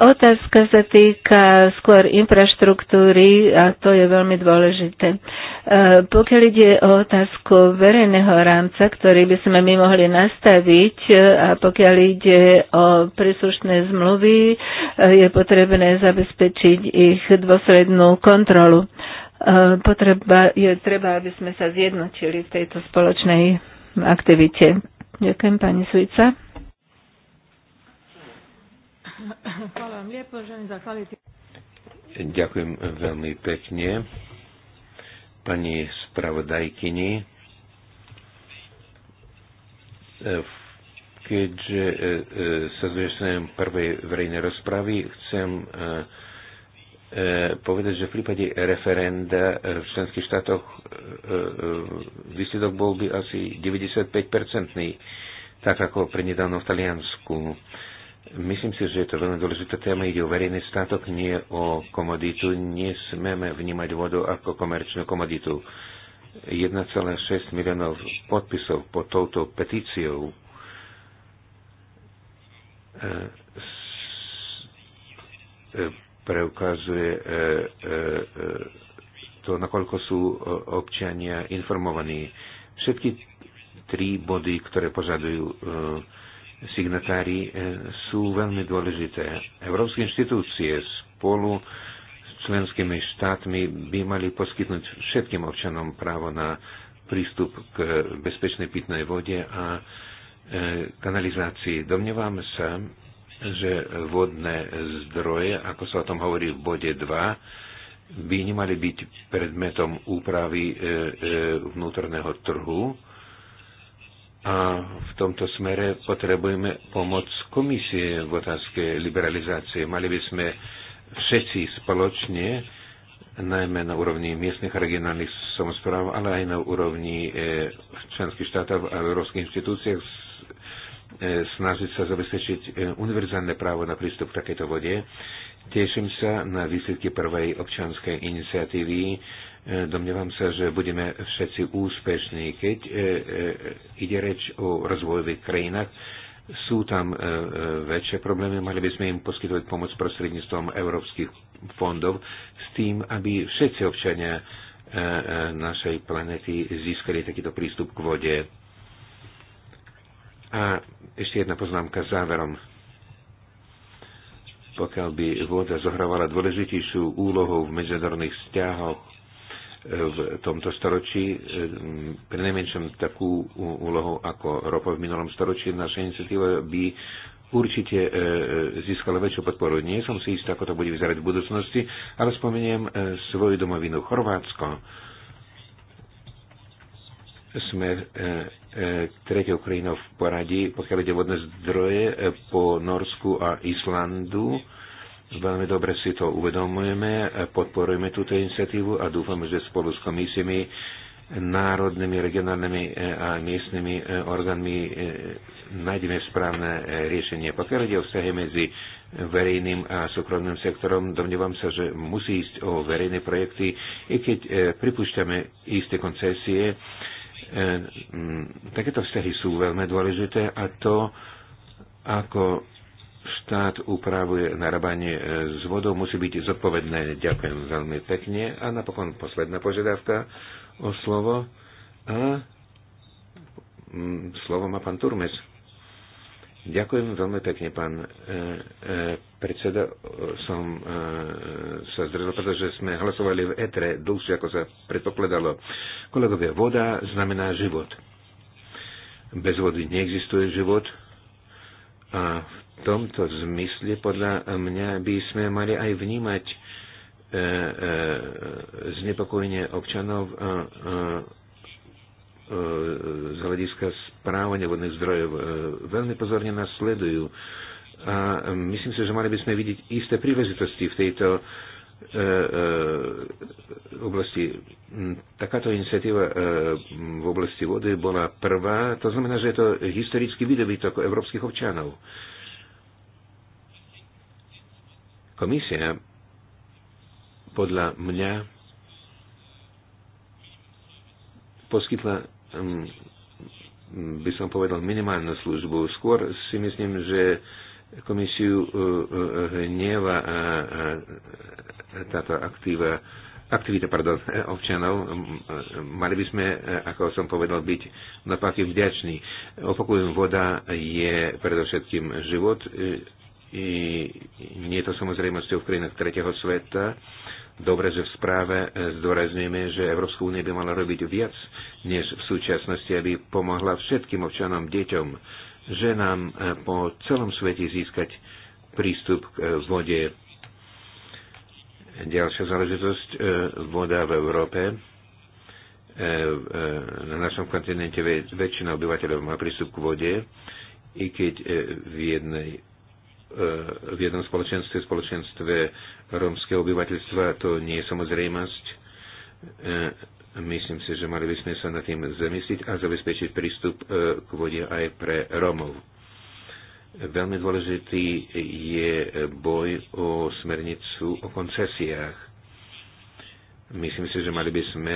S2: Otázka sa týka skôr infraštruktúry a to je veľmi dôležité dôležité. E, pokiaľ ide o otázku verejného rámca, ktorý by sme my mohli nastaviť e, a pokiaľ ide o príslušné zmluvy, e, je potrebné zabezpečiť ich dôslednú kontrolu. Potreba, je treba, aby sme sa zjednotili v tejto spoločnej aktivite. Ďakujem, pani Svica.
S1: Ďakujem veľmi pekne pani spravodajkyni, e, keďže e, e, sa zúčastňujem prvej verejnej rozpravy, chcem povedať, že v prípade referenda v členských štátoch výsledok bol by asi 95-percentný, tak ako prednedávno v Taliansku. Myslím si, že je to veľmi dôležitá téma. Ide o verejný statok, nie o komoditu. Nesmeme vnímať vodu ako komerčnú komoditu. 1,6 miliónov podpisov pod touto petíciou e, e, preukazuje e, to, nakoľko sú občania informovaní. Všetky tri body, ktoré požadujú signatári e, sú veľmi dôležité. Európske inštitúcie spolu s členskými štátmi by mali poskytnúť všetkým občanom právo na prístup k bezpečnej pitnej vode a e, kanalizácii. Domnievame sa, že vodné zdroje, ako sa o tom hovorí v bode 2, by nemali byť predmetom úpravy e, vnútorného trhu, a v tomto smere potrebujeme pomoc komisie v otázke liberalizácie. Mali by sme všetci spoločne, najmä na úrovni miestnych a regionálnych samozpráv, ale aj na úrovni e, členských štátov a európskych inštitúciách, e, snažiť sa zabezpečiť e, univerzálne právo na prístup k takéto vode Teším sa na výsledky prvej občanskej iniciatívy. E, domnievam sa, že budeme všetci úspešní, keď e, e, ide reč o rozvojových krajinách. Sú tam väčšie problémy, mali by sme im poskytovať pomoc prostredníctvom európskych fondov s tým, aby všetci občania našej planety získali takýto prístup k vode. A ešte jedna poznámka záverom pokiaľ by voda zohrávala dôležitejšiu úlohu v medzinárodných vzťahoch e, v tomto storočí, e, pri najmenšom takú úlohu ako ropa v minulom storočí, naša iniciatíva by určite e, získala väčšiu podporu. Nie som si istý, ako to bude vyzerať v budúcnosti, ale spomeniem svoju domovinu Chorvátsko sme e, e, tretou krajinou v poradí, pokiaľ ide vodné zdroje e, po Norsku a Islandu. Veľmi dobre si to uvedomujeme, podporujeme túto iniciatívu a dúfame, že spolu s komisiami národnými, regionálnymi a miestnymi orgánmi nájdeme správne riešenie. Pokiaľ ide o vzťahy medzi verejným a súkromným sektorom, domnievam sa, že musí ísť o verejné projekty, i keď pripúšťame isté koncesie, E, mm, takéto vzťahy sú veľmi dôležité a to, ako štát upravuje narabanie e, s vodou, musí byť zodpovedné. Ďakujem veľmi pekne. A napokon posledná požiadavka o slovo. A mm, slovo má pán Turmes. Ďakujem veľmi pekne, pán e, e, predseda. Som e, sa zdržal, pretože sme hlasovali v ETRE dlhšie, ako sa predpokladalo. Kolegovia, voda znamená život. Bez vody neexistuje život. A v tomto zmysle, podľa mňa, by sme mali aj vnímať e, e, znepokojenie občanov. E, e, z hľadiska správania vodných zdrojov e, veľmi pozorne nás sledujú. A myslím si, že mali by sme vidieť isté príležitosti v tejto e, e, oblasti. Mm, takáto iniciatíva v oblasti vody bola prvá. To znamená, že je to historický vydobytok európskych občanov. Komisia podľa mňa poskytla Ehm, by som povedal, minimálnu službu. Skôr si myslím, že komisiu eh, eh, hnieva eh, táto aktíva, aktivita pardon, občanov. Ehm, mali by sme, ako som povedal, byť napaky vďační. Opakujem, voda je predovšetkým život. I nie je to samozrejmosťou v krajinách tretieho sveta Dobre, že v správe e, zdôrazňujeme, že Európska únia by mala robiť viac, než v súčasnosti, aby pomohla všetkým občanom, deťom, ženám e, po celom svete získať prístup k e, vode. Ďalšia záležitosť, voda v Európe. Na našom kontinente väčšina obyvateľov má prístup k vode, i keď v jednej v jednom spoločenstve, spoločenstve rómskeho obyvateľstva, to nie je samozrejmosť. E, myslím si, že mali by sme sa nad tým zamyslieť a zabezpečiť prístup e, k vode aj pre Rómov. Veľmi dôležitý je boj o smernicu o koncesiách. Myslím si, že mali by sme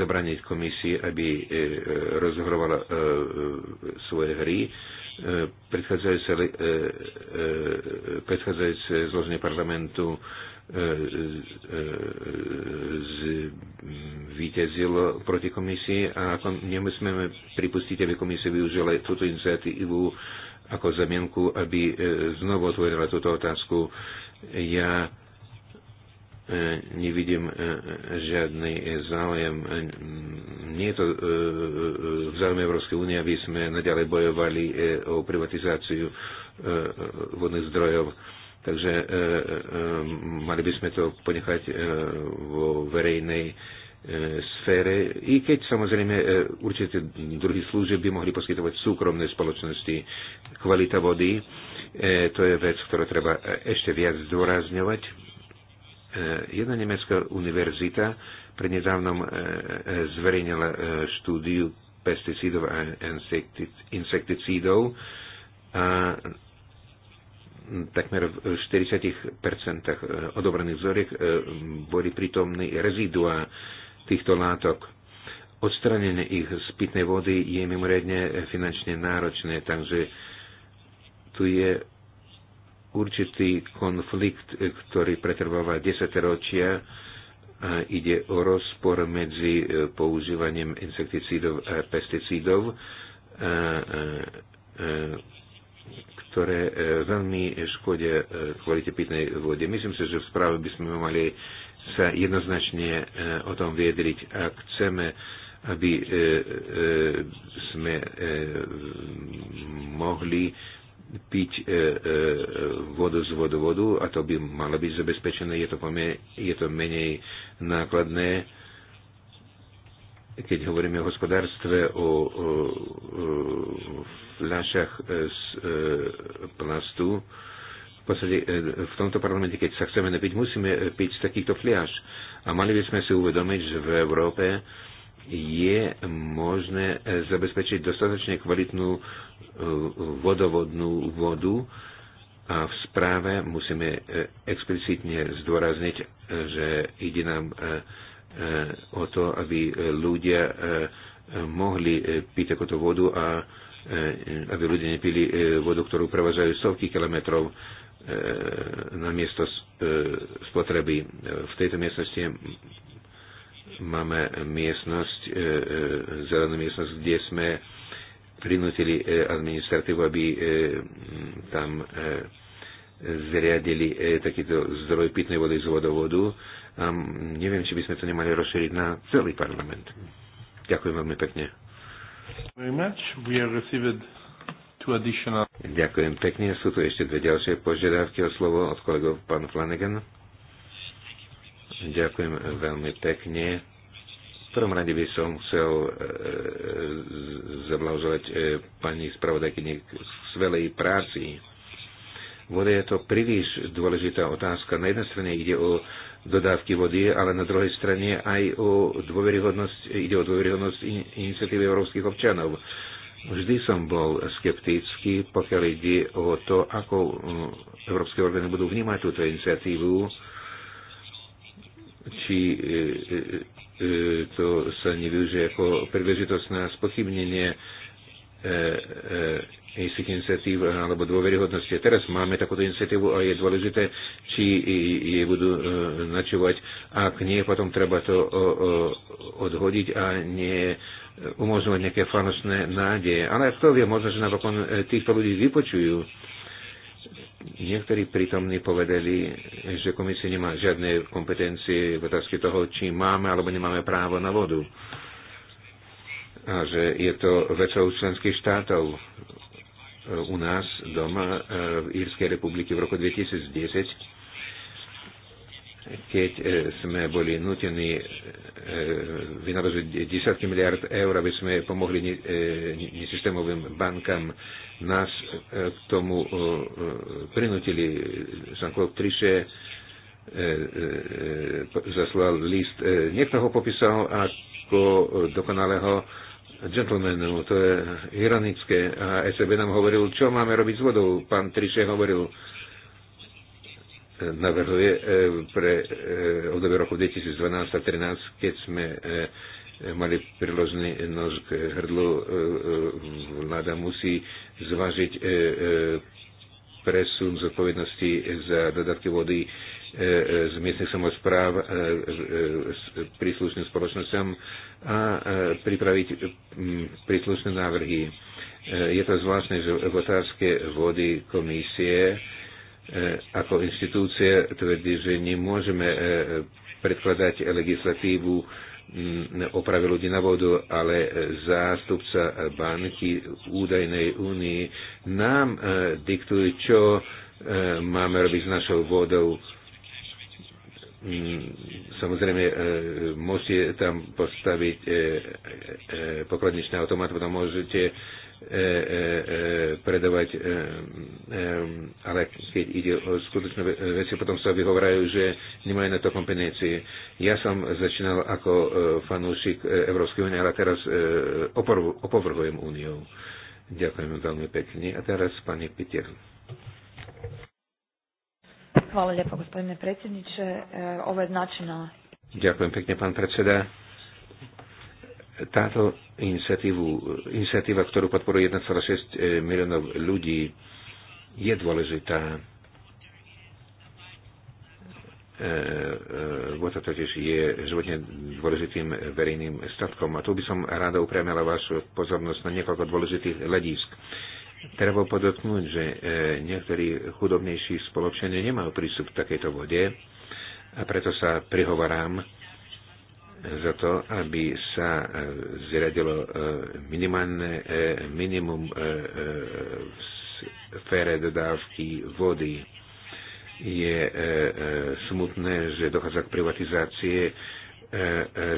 S1: zabraniť komisii, aby e, rozhorovala svoje hry E, predchádzajúce, e, e, predchádzajúce zloženie parlamentu vyťazilo proti komisii a ako nemusíme pripustiť, aby komisia využila túto iniciatívu ako zamienku, aby znovu otvorila túto otázku. Ja E, nevidím e, žiadny záujem. E, nie je to v záujme Európskej únie, aby sme naďalej bojovali o privatizáciu vodných zdrojov. Takže mali by sme to ponechať vo verejnej sfére, i keď samozrejme určité druhy služieb by mohli poskytovať súkromné spoločnosti. Kvalita vody, to je vec, ktorú treba ešte viac zdôrazňovať E, jedna nemecká univerzita prednedávnom e, e, zverejnila štúdiu pesticídov a insekticídov a takmer v 40% odobraných vzoriek boli pritomné rezidua týchto látok. Odstranenie ich z pitnej vody je mimoriadne finančne náročné, takže tu je určitý konflikt, e, ktorý pretrváva 10 ročia a ide o rozpor medzi e, používaním insekticídov a pesticídov, a, a, a, ktoré e, veľmi škodia kvalite pitnej vode. Myslím si, že v správe by sme mali sa jednoznačne o tom viedriť. Ak chceme, aby sme mohli piť e, e, vodu z vodovodu a to by malo byť zabezpečené. Je to, pomie, je to menej nákladné, keď hovoríme o hospodárstve, o, o, o fľašach z e, e, plastu. V podstate e, v tomto parlamente, keď sa chceme napiť, musíme e, piť z takýchto fľaš. A mali by sme si uvedomiť, že v Európe je možné zabezpečiť dostatočne kvalitnú vodovodnú vodu a v správe musíme e, explicitne zdôrazniť, e, že ide nám e, o to, aby ľudia mohli piť takúto vodu a aby ľudia nepili vodu, ktorú prevažajú stovky kilometrov na miesto spotreby. V tejto miestnosti máme miestnosť, zelenú miestnosť, kde sme prinútili e, administratívu, aby e, tam e, zriadili takýto zdroj pitnej vody z vodovodu. A neviem, či by sme to nemali rozšíriť na celý parlament. Ďakujem veľmi pekne. Ďakujem pekne. Sú tu ešte dve ďalšie požiadavky o slovo od kolegov pán Flanagan. Ďakujem veľmi pekne prvom rade by som chcel e, e zablahoželať e, pani spravodajkyni k svelej práci. Voda je to príliš dôležitá otázka. Na jednej strane ide o dodávky vody, ale na druhej strane aj o dôveryhodnosť, ide o dôveryhodnosť in, iniciatívy európskych občanov. Vždy som bol skeptický, pokiaľ ide o to, ako mm, európske orgány budú vnímať túto iniciatívu, či e, e, E, to sa nevyužije ako príležitosť na spochybnenie e, e, istých iniciatív alebo dôveryhodnosti. Teraz máme takúto iniciatívu a je dôležité, či jej budú načúvať. Ak nie, potom treba to odhodiť a nie umožňovať nejaké fanočné nádeje. Ale kto vie, možno, že napokon týchto ľudí vypočujú Niektorí prítomní povedali, že komisia nemá žiadne kompetencie v otázke toho, či máme alebo nemáme právo na vodu. A že je to vecou členských štátov. U nás doma e, v Írskej republiky v roku 2010 keď e, sme boli nutení e, e, vynaložiť desiatky miliard eur, aby sme pomohli nesystémovým bankám. Nás k tomu prinútili. Jean-Claude Trichet zaslal list. Niekto ho popísal ako dokonalého gentlemanu. To je ironické. A SB nám hovoril, čo máme robiť s vodou. Pán Trichet hovoril, navrhuje eh, pre eh, obdobie roku 2012 a 2013, keď sme eh, mali priložený nož k hrdlu, vláda musí zvážiť presun zodpovednosti za dodatky vody z miestnych samozpráv príslušným spoločnosťam a pripraviť hm, príslušné návrhy. Je to zvláštne, že v otázke vody komisie E, ako inštitúcia tvrdí, že nemôžeme e, predkladať legislatívu o prave ľudí na vodu, ale zástupca banky údajnej únii nám e, diktuje, čo máme robiť s našou vodou. Samozrejme, môžete tam postaviť pokladničný automat, potom môžete E, e, e, predávať, ale keď ide o skutočné veci, potom sa vyhovorajú, že nemajú na to kompetencie. Ja som začínal ako fanúšik Európskej únie, ale teraz opovrhujem úniou. Ďakujem veľmi pekne. A teraz pani Peter.
S2: Hvala lijepo gospodine predsjedniče. Ovo je značina.
S1: Ďakujem pekne, pán predseda táto iniciatíva, ktorú podporuje 1,6 eh, miliónov ľudí, je dôležitá. Eh, eh, Voda totiž je životne dôležitým verejným statkom. A tu by som rada upriamila vašu pozornosť na niekoľko dôležitých hľadísk. Treba podotknúť, že niektorí chudobnejší spoločenia nemajú prístup k takejto vode a preto sa prihovorám za to, aby sa e, zriadilo e, minimálne e, minimum v sfére dodávky vody. Je smutné, že dochádza k privatizácii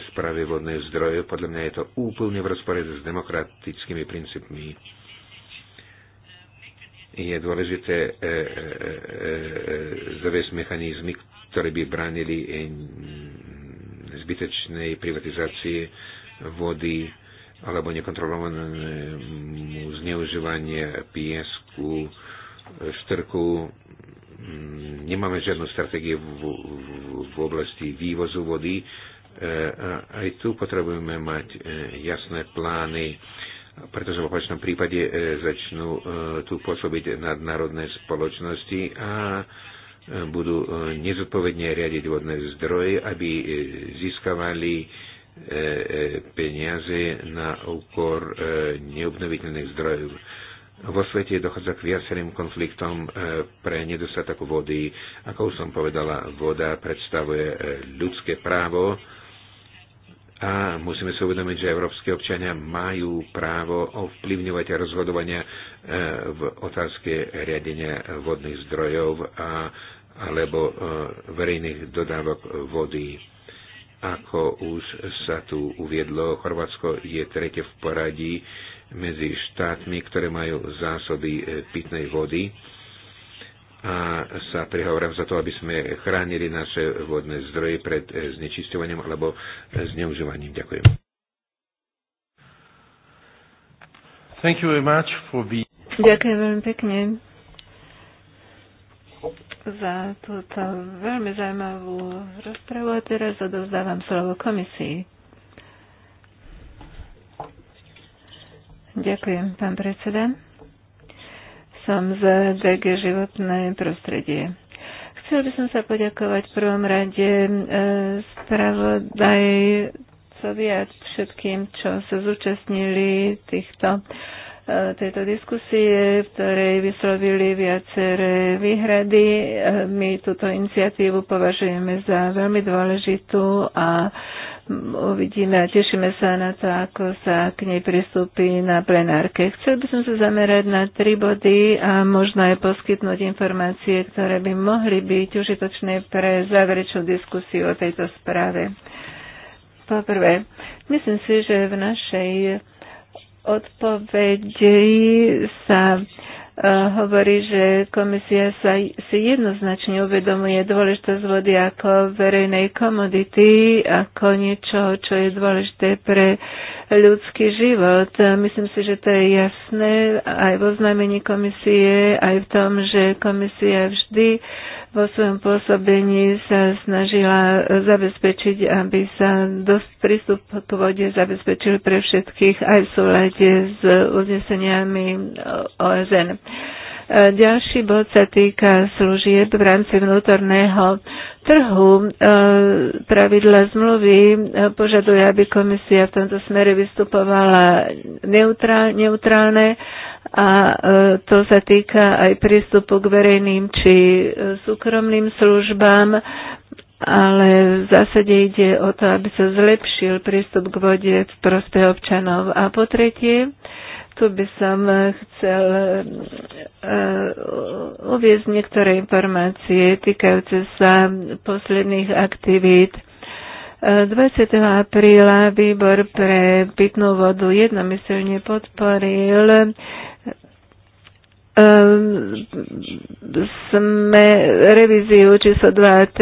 S1: správy vodných zdrojov. Podľa mňa je to úplne v rozpore s demokratickými princípmi. Je dôležité zaviesť mechanizmy, ktoré by bránili zbytečnej privatizácie vody alebo nekontrolovanému zneužívanie piesku, štrku. Mm, nemáme žiadnu stratégiu v, v, v oblasti vývozu vody. E, a Aj tu potrebujeme mať e, jasné plány, pretože v opačnom prípade e, začnú tu pôsobiť nadnárodné spoločnosti a budú e, nezodpovedne riadiť vodné zdroje, aby e, získavali e, peniaze na úkor neobnoviteľných zdrojov. Vo svete dochádza k viacerým konfliktom pre nedostatok vody. Ako už som povedala, voda predstavuje ľudské právo a musíme si uvedomiť, že európske občania majú právo ovplyvňovať rozhodovania e, v otázke riadenia vodných zdrojov a, alebo e, verejných dodávok vody. Ako už sa tu uviedlo, Chorvátsko je tretie v poradí medzi štátmi, ktoré majú zásoby e, pitnej vody a sa prihovorám za to, aby sme chránili naše vodné zdroje pred eh, znečisťovaním alebo eh, zneužívaním. Ďakujem. Thank you very much for the...
S2: Ďakujem veľmi pekne za túto veľmi zaujímavú rozprávu a teraz odovzdávam slovo komisii. Ďakujem, pán predseda som z DG životné prostredie. Chcel by som sa poďakovať v prvom rade e, spravodajcovi a všetkým, čo sa zúčastnili týchto e, tejto diskusie, v ktorej vyslovili viaceré výhrady. E, my túto iniciatívu považujeme za veľmi dôležitú a uvidíme a tešíme sa na to, ako sa k nej pristúpi na plenárke. Chcel by som sa zamerať na tri body a možno aj poskytnúť informácie, ktoré by mohli byť užitočné pre záverečnú diskusiu o tejto správe. Poprvé, myslím si, že v našej odpovedi sa uh, hovorí, že komisia sa si jednoznačne uvedomuje dôležitosť vody ako verejnej komodity, ako niečo, čo je dôležité pre ľudský život. Myslím si, že to je jasné aj vo znamení komisie, aj v tom, že komisia vždy vo svojom pôsobení sa snažila zabezpečiť, aby sa dosť prístup k vode zabezpečil pre všetkých aj v súlade s uzneseniami OSN. E, ďalší bod sa týka služieb v rámci vnútorného trhu. E, pravidla zmluvy e, požaduje, aby komisia v tomto smere vystupovala neutrálne a to sa týka aj prístupu k verejným či súkromným službám ale v zásade ide o to, aby sa zlepšil prístup k vode v prospech občanov. A po tretie, tu by som chcel eh, uviezť niektoré informácie týkajúce sa posledných aktivít. 20. Eh, apríla výbor pre pitnú vodu jednomyselne podporil Ehm, sme revíziu číslo 2 a 3 e,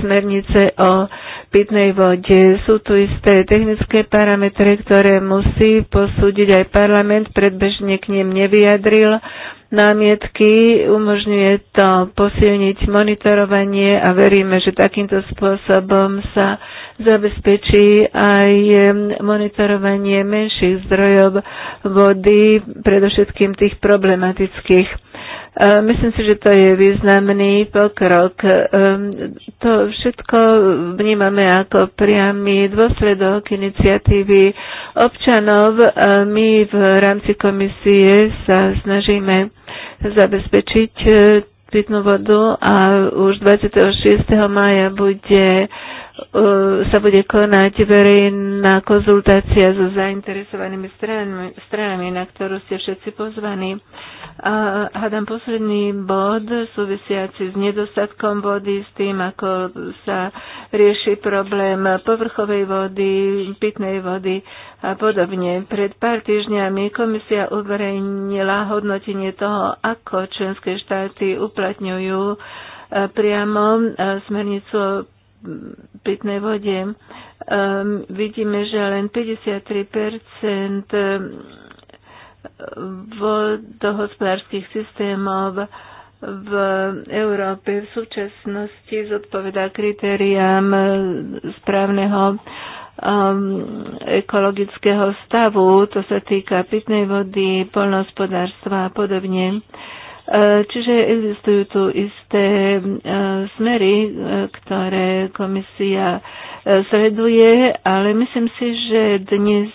S2: smernice o pitnej vode. Sú tu isté technické parametre, ktoré musí posúdiť aj parlament, predbežne k nim nevyjadril námietky, umožňuje to posilniť monitorovanie a veríme, že takýmto spôsobom sa uh, zabezpečí aj monitorovanie menších zdrojov vody, predovšetkým tých problematických. E, myslím si, že to je významný pokrok. E, to všetko vnímame ako priamy dôsledok iniciatívy občanov. My v rámci komisie sa snažíme zabezpečiť e, pitnú vodu a už 26. maja bude E, sa bude konať verejná konzultácia so zainteresovanými stranami, stranami na ktorú ste všetci pozvaní. A hádam posledný bod súvisiaci s nedostatkom vody, s tým, ako sa rieši problém povrchovej vody, pitnej vody a podobne. Pred pár týždňami komisia uverejnila hodnotenie toho, ako členské štáty uplatňujú e, priamo e, smernicu o pitnej vode. Vidíme, že len 53 vodohospodárských systémov v Európe v súčasnosti zodpovedá kritériám správneho um, ekologického stavu, to sa týka pitnej vody, polnohospodárstva a podobne. E, čiže existujú tu isté e, smery, e, ktoré komisia sleduje, ale myslím si, že dnes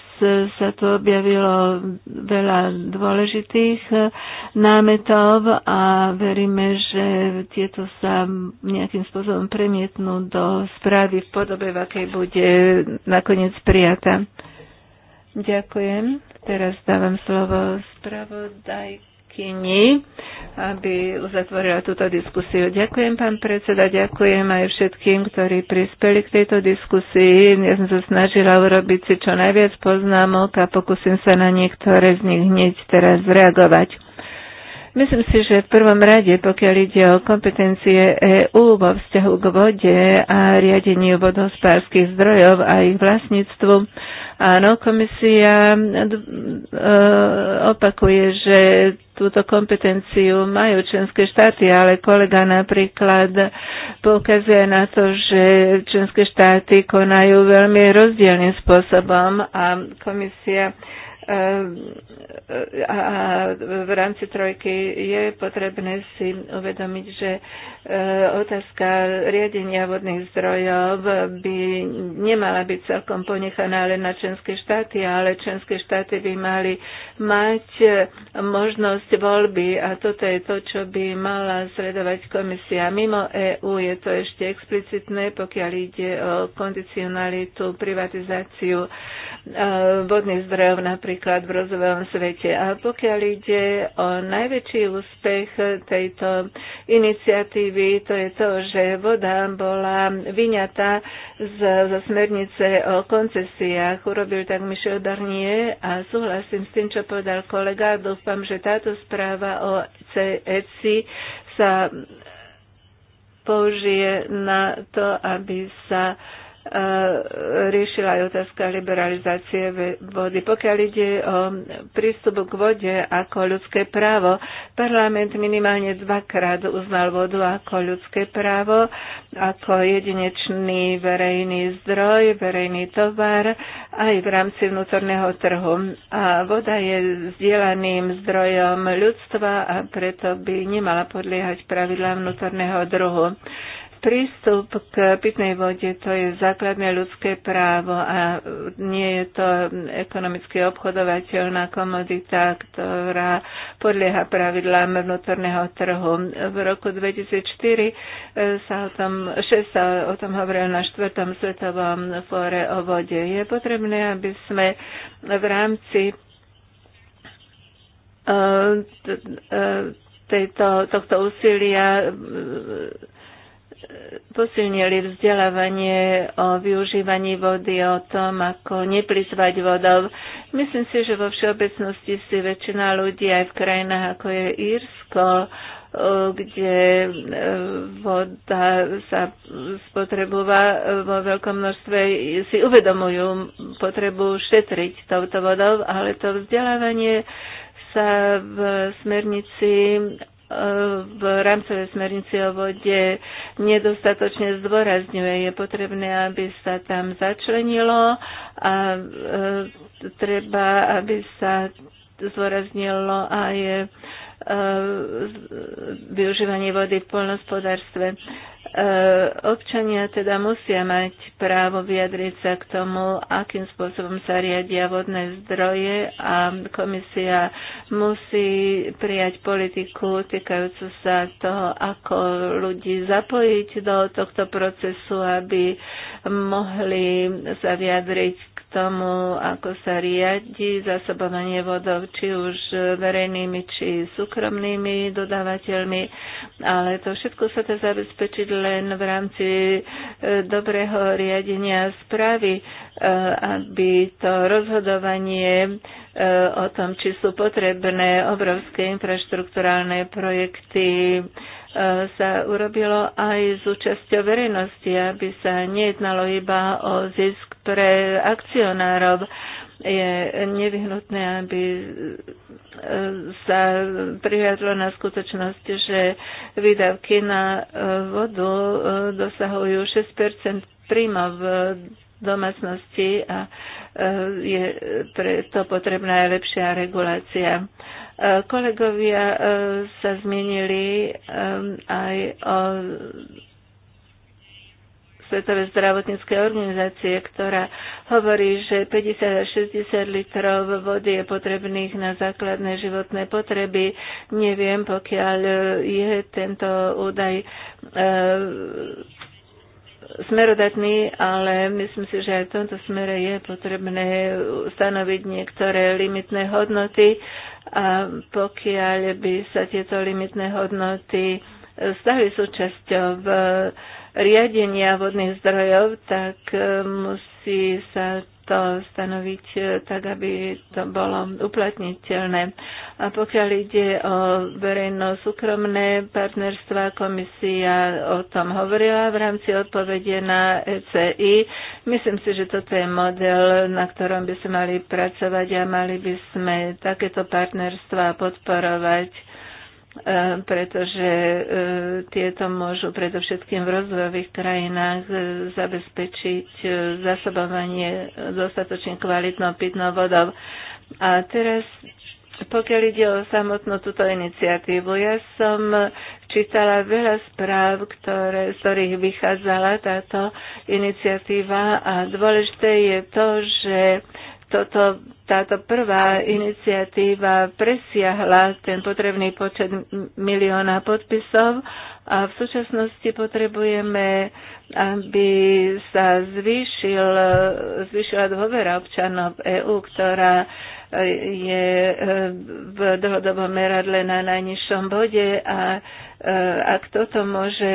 S2: sa tu objavilo veľa dôležitých námetov a veríme, že tieto sa nejakým spôsobom premietnú do správy v podobe, v akej bude nakoniec prijatá. Ďakujem. Teraz dávam slovo spravodajke spravodajkyni, aby uzatvorila túto diskusiu. Ďakujem, pán predseda, ďakujem aj všetkým, ktorí prispeli k tejto diskusii. Ja som sa snažila urobiť si čo najviac poznámok a pokúsim sa na niektoré z nich hneď teraz reagovať. Myslím si, že v prvom rade, pokiaľ ide o kompetencie EÚ vo vzťahu k vode a riadeniu vodohospodárských zdrojov a ich vlastníctvu, áno, komisia e, opakuje, že túto kompetenciu majú členské štáty, ale kolega napríklad poukazuje na to, že členské štáty konajú veľmi rozdielným spôsobom a komisia a v rámci trojky je potrebné si uvedomiť, že e, otázka riadenia vodných zdrojov by nemala byť celkom ponechaná len na členské štáty, ale členské štáty by mali mať e, možnosť voľby a toto je to, čo by mala sledovať komisia. Mimo EÚ je to ešte explicitné, pokiaľ ide o kondicionalitu, privatizáciu E, vodných zdrojov napríklad v rozvojovom svete. A pokiaľ ide o najväčší úspech tejto iniciatívy, to je to, že voda bola vyňatá z, zo smernice o koncesiách. Urobil tak Michel Barnier a súhlasím s tým, čo povedal kolega. Dúfam, že táto správa o ECI sa použije na to, aby sa uh, E, riešila aj otázka liberalizácie vody. Pokiaľ ide o prístup k vode ako ľudské právo, parlament minimálne dvakrát uznal vodu ako ľudské právo, ako jedinečný verejný zdroj, verejný tovar aj v rámci vnútorného trhu. A voda je zdieľaným zdrojom ľudstva a preto by nemala podliehať pravidlám vnútorného druhu. Prístup k pitnej vode to je základné ľudské právo a nie je to ekonomicky obchodovateľná komodita, ktorá podlieha pravidlám vnútorného trhu. V roku 2004 eh, sa o tom, 6 sa o tom hovoril na 4. svetovom fóre o vode. Je potrebné, aby sme v rámci eh, eh, tejto, tohto úsilia posilnili vzdelávanie o využívaní vody, o tom, ako neprizvať vodov. Myslím si, že vo všeobecnosti si väčšina ľudí aj v krajinách ako je Írsko, kde e, voda sa spotrebová vo veľkom množstve, si uvedomujú potrebu šetriť touto vodou, ale to vzdelávanie sa v smernici v rámcovej smernici o vode nedostatočne zdôrazňuje. Je potrebné, aby sa tam začlenilo a e, treba, aby sa zdôraznilo aj e, využívanie vody v polnospodárstve. Eh, občania teda musia mať právo vyjadriť sa k tomu, akým spôsobom sa riadia vodné zdroje a komisia musí prijať politiku týkajúcu sa toho, ako ľudí zapojiť do tohto procesu, aby mohli sa vyjadriť k tomu, ako sa riadi zásobovanie vodov, či už verejnými, či súkromnými dodávateľmi, ale to všetko sa dá zabezpečiť len v rámci e, dobrého riadenia správy, e, aby to rozhodovanie e, o tom, či sú potrebné obrovské infraštruktúrálne projekty, sa urobilo aj s účasťou verejnosti, aby sa nejednalo iba o zisk pre akcionárov, je nevyhnutné, aby e, sa prihľadlo na skutočnosť, že výdavky na e, vodu e, dosahujú 6 v domácnosti a je preto potrebná aj lepšia regulácia. Kolegovia sa zmienili aj o Svetovej zdravotníckej organizácie, ktorá hovorí, že 50 až 60 litrov vody je potrebných na základné životné potreby. Neviem, pokiaľ je tento údaj e, smerodatný, ale myslím si, že aj v tomto smere je potrebné stanoviť niektoré limitné hodnoty a pokiaľ by sa tieto limitné hodnoty stali súčasťou v riadenia vodných zdrojov, tak e, musí sa to stanoviť e, tak, aby to bolo uplatniteľné. A pokiaľ ide o verejno-súkromné partnerstva, komisia o tom hovorila v rámci odpovede na ECI. Myslím si, že toto je model, na ktorom by sme mali pracovať a mali by sme takéto partnerstva podporovať E, pretože e, tieto môžu predovšetkým v rozvojových krajinách e, zabezpečiť zasobovanie dostatočne kvalitnou pitnou vodou. A teraz pokiaľ ide o samotnú túto iniciatívu, ja som čítala veľa správ, ktoré, z ktorých vychádzala táto iniciatíva a dôležité je to, že toto, táto prvá iniciatíva presiahla ten potrebný počet milióna podpisov a v súčasnosti potrebujeme, aby sa zvýšil, zvýšila dôvera občanov EÚ, ktorá je eh, v dlhodobom meradle na najnižšom bode a eh, ak toto môže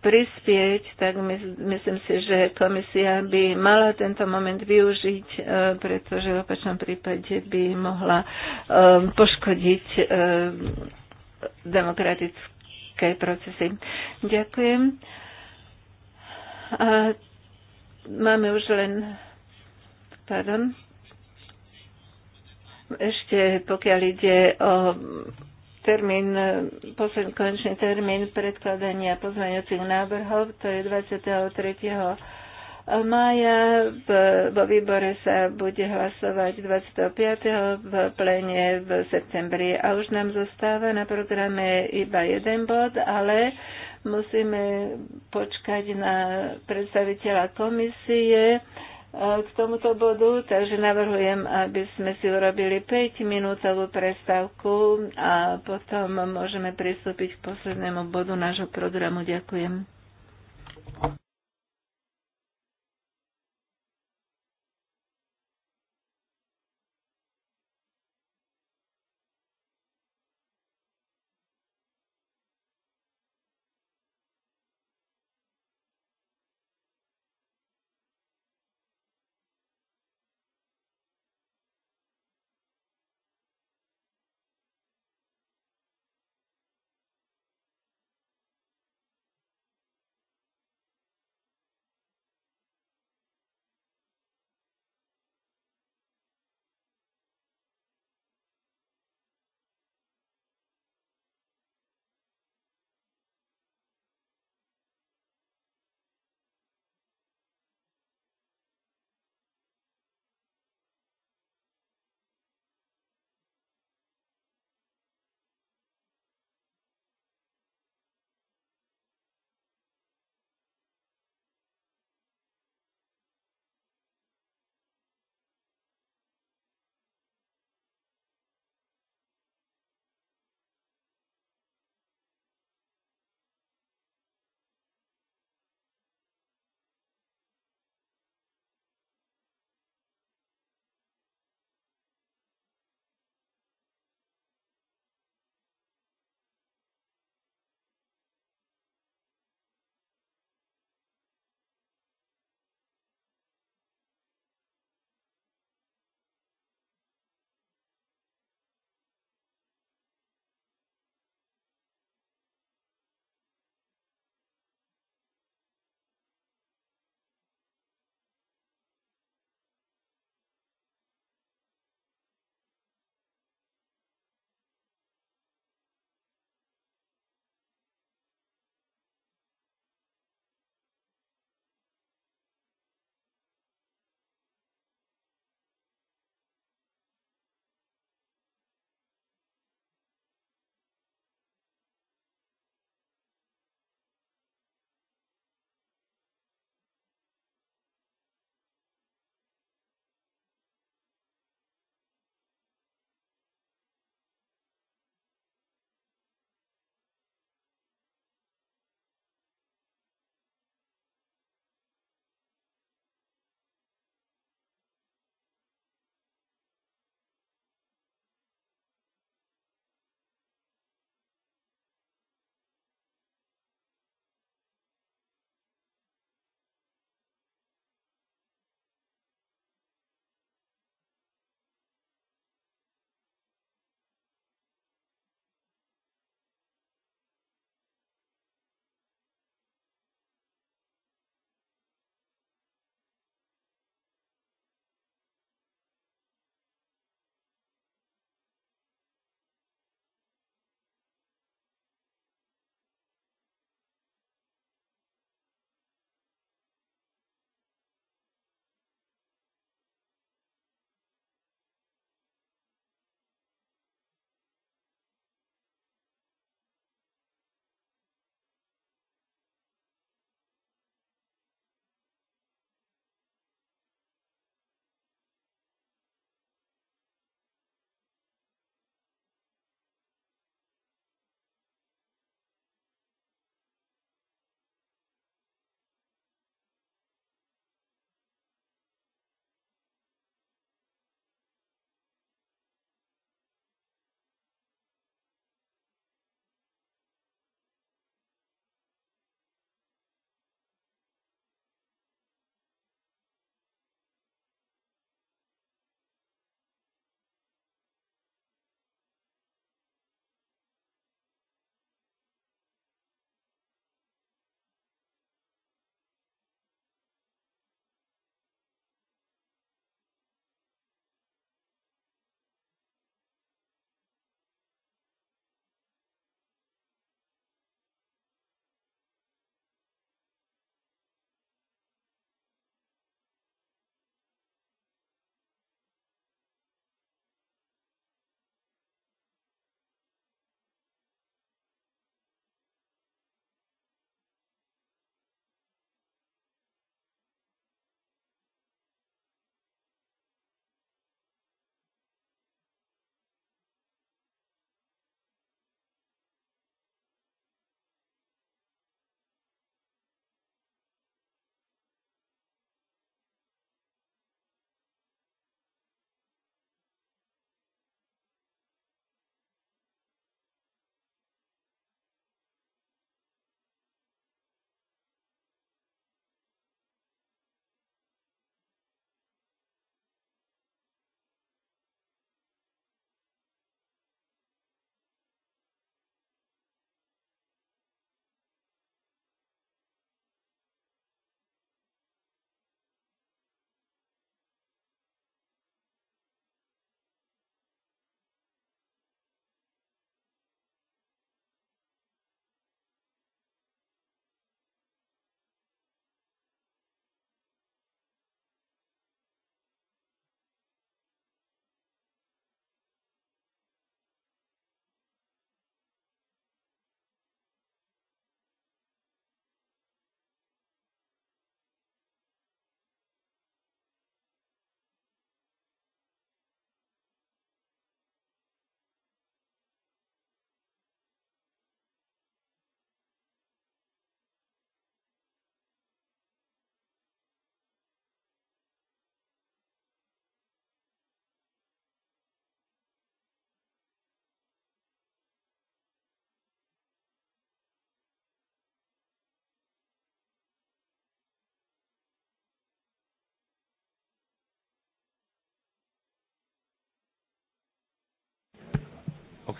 S2: prispieť, tak myslím si, že komisia by mala tento moment využiť, eh, pretože v opačnom prípade by mohla poškodiť demokratické procesy. Ďakujem. A máme už len... Pardon. Ešte pokiaľ ide o termín, posledný konečný termín predkladania pozvaniacich návrhov, to je 23 mája, vo výbore sa bude hlasovať 25. v plene v septembri. A už nám zostáva na programe iba jeden bod, ale musíme počkať na predstaviteľa komisie, k tomuto bodu, takže navrhujem, aby sme si urobili 5-minútovú prestávku a potom môžeme pristúpiť k poslednému bodu nášho programu. Ďakujem.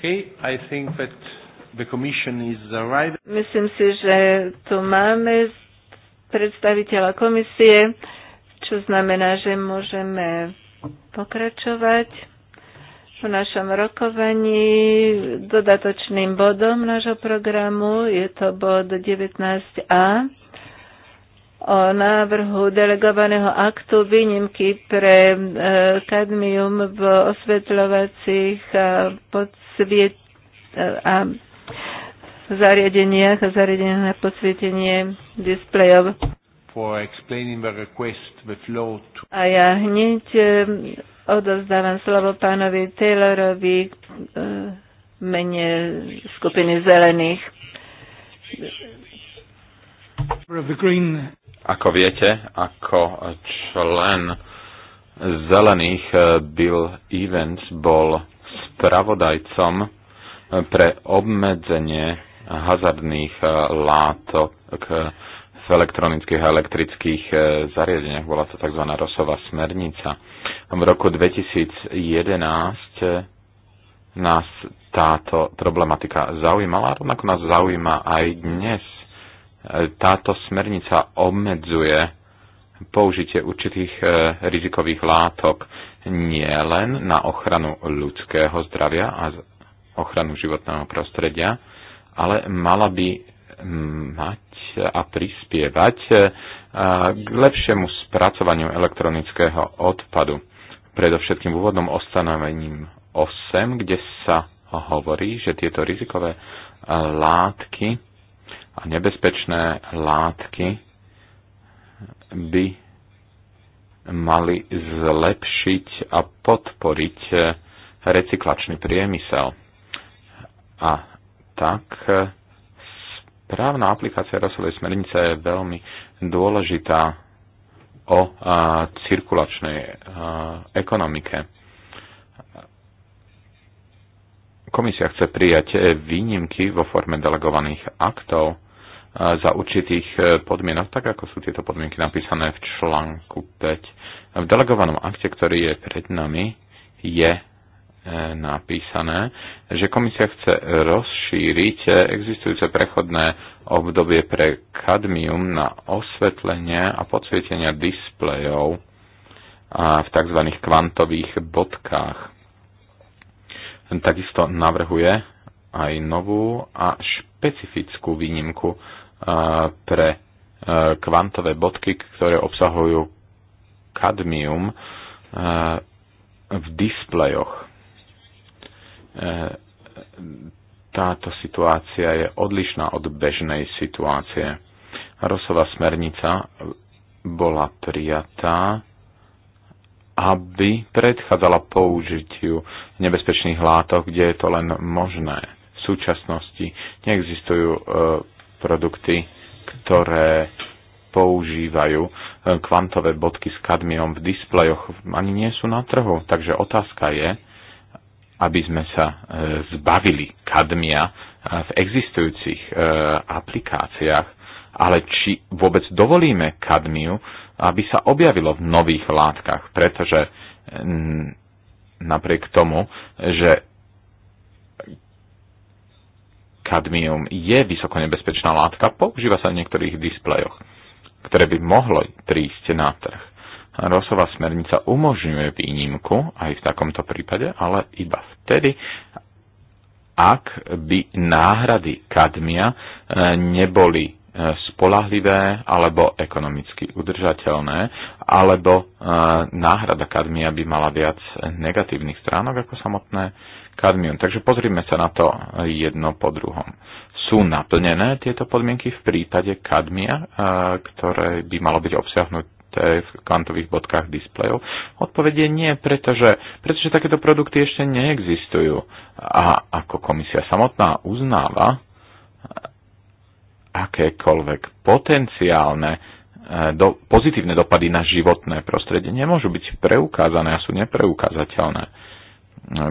S3: Okay, I think that the commission is arrived.
S2: Myslím si, že tu máme predstaviteľa komisie, čo znamená, že môžeme pokračovať v našom rokovaní dodatočným bodom nášho programu. Je to bod 19a o návrhu delegovaného aktu výnimky pre e, kadmium v osvetľovacích a e, podsviet e, a zariadeniach a zariadeniach na podsvietenie displejov. A ja hneď odozdávam slovo pánovi Taylorovi mene skupiny zelených. Of the green
S3: ako viete, ako člen zelených eh, Bill Evans bol spravodajcom eh, pre obmedzenie hazardných eh, látok v elektronických a elektrických zariadeniach. Bola to tzv. Rosová smernica. V roku 2011 nás táto problematika zaujímala, rovnako nás zaujíma aj dnes – táto smernica obmedzuje použitie určitých e, rizikových látok nie len na ochranu ľudského zdravia a ochranu životného prostredia, ale mala by mať a prispievať e, k lepšiemu spracovaniu elektronického odpadu. Predovšetkým v úvodnom ostanovením 8, kde sa hovorí, že tieto rizikové e, látky a nebezpečné látky by mali zlepšiť a podporiť eh, recyklačný priemysel. A tak eh, správna aplikácia Rosolej smernice je veľmi dôležitá o a, eh, cirkulačnej a, ekonomike komisia chce prijať eh, výnimky vo forme delegovaných aktov eh, za určitých eh, podmienok, tak ako sú tieto podmienky napísané v článku 5. V delegovanom akte, ktorý je pred nami, je napísané, že komisia chce rozšíriť existujúce prechodné obdobie pre kadmium na osvetlenie a podsvietenia displejov v tzv. kvantových bodkách takisto navrhuje aj novú a špecifickú výnimku pre kvantové bodky, ktoré obsahujú kadmium v displejoch. E, táto situácia je odlišná od bežnej situácie. Rosová smernica bola prijatá aby predchádzala použitiu nebezpečných látok, kde je to len možné. V súčasnosti neexistujú e, produkty, ktoré používajú e, kvantové bodky s kadmiom v displejoch, ani nie sú na trhu. Takže otázka je, aby sme sa e, zbavili kadmia e, v existujúcich aplikáciách, ale či vôbec dovolíme kadmiu aby sa objavilo v nových látkach, pretože mm, napriek tomu, že kadmium je vysoko nebezpečná látka, používa sa v niektorých displejoch, ktoré by mohlo prísť na trh. Rosová smernica umožňuje výnimku aj v takomto prípade, ale iba vtedy, ak by náhrady kadmia eh, neboli E, spolahlivé alebo ekonomicky udržateľné, alebo e, náhrada kadmia by mala viac negatívnych stránok ako samotné kadmium. Takže pozrime sa na to jedno po druhom. Sú naplnené tieto podmienky v prípade kadmia, e, ktoré by malo byť obsiahnuté v kvantových bodkách displejov? Odpovedie nie, pretože, pretože takéto produkty ešte neexistujú. A ako komisia samotná uznáva, akékoľvek potenciálne e, do, pozitívne dopady na životné prostredie nemôžu byť preukázané a sú nepreukázateľné. E,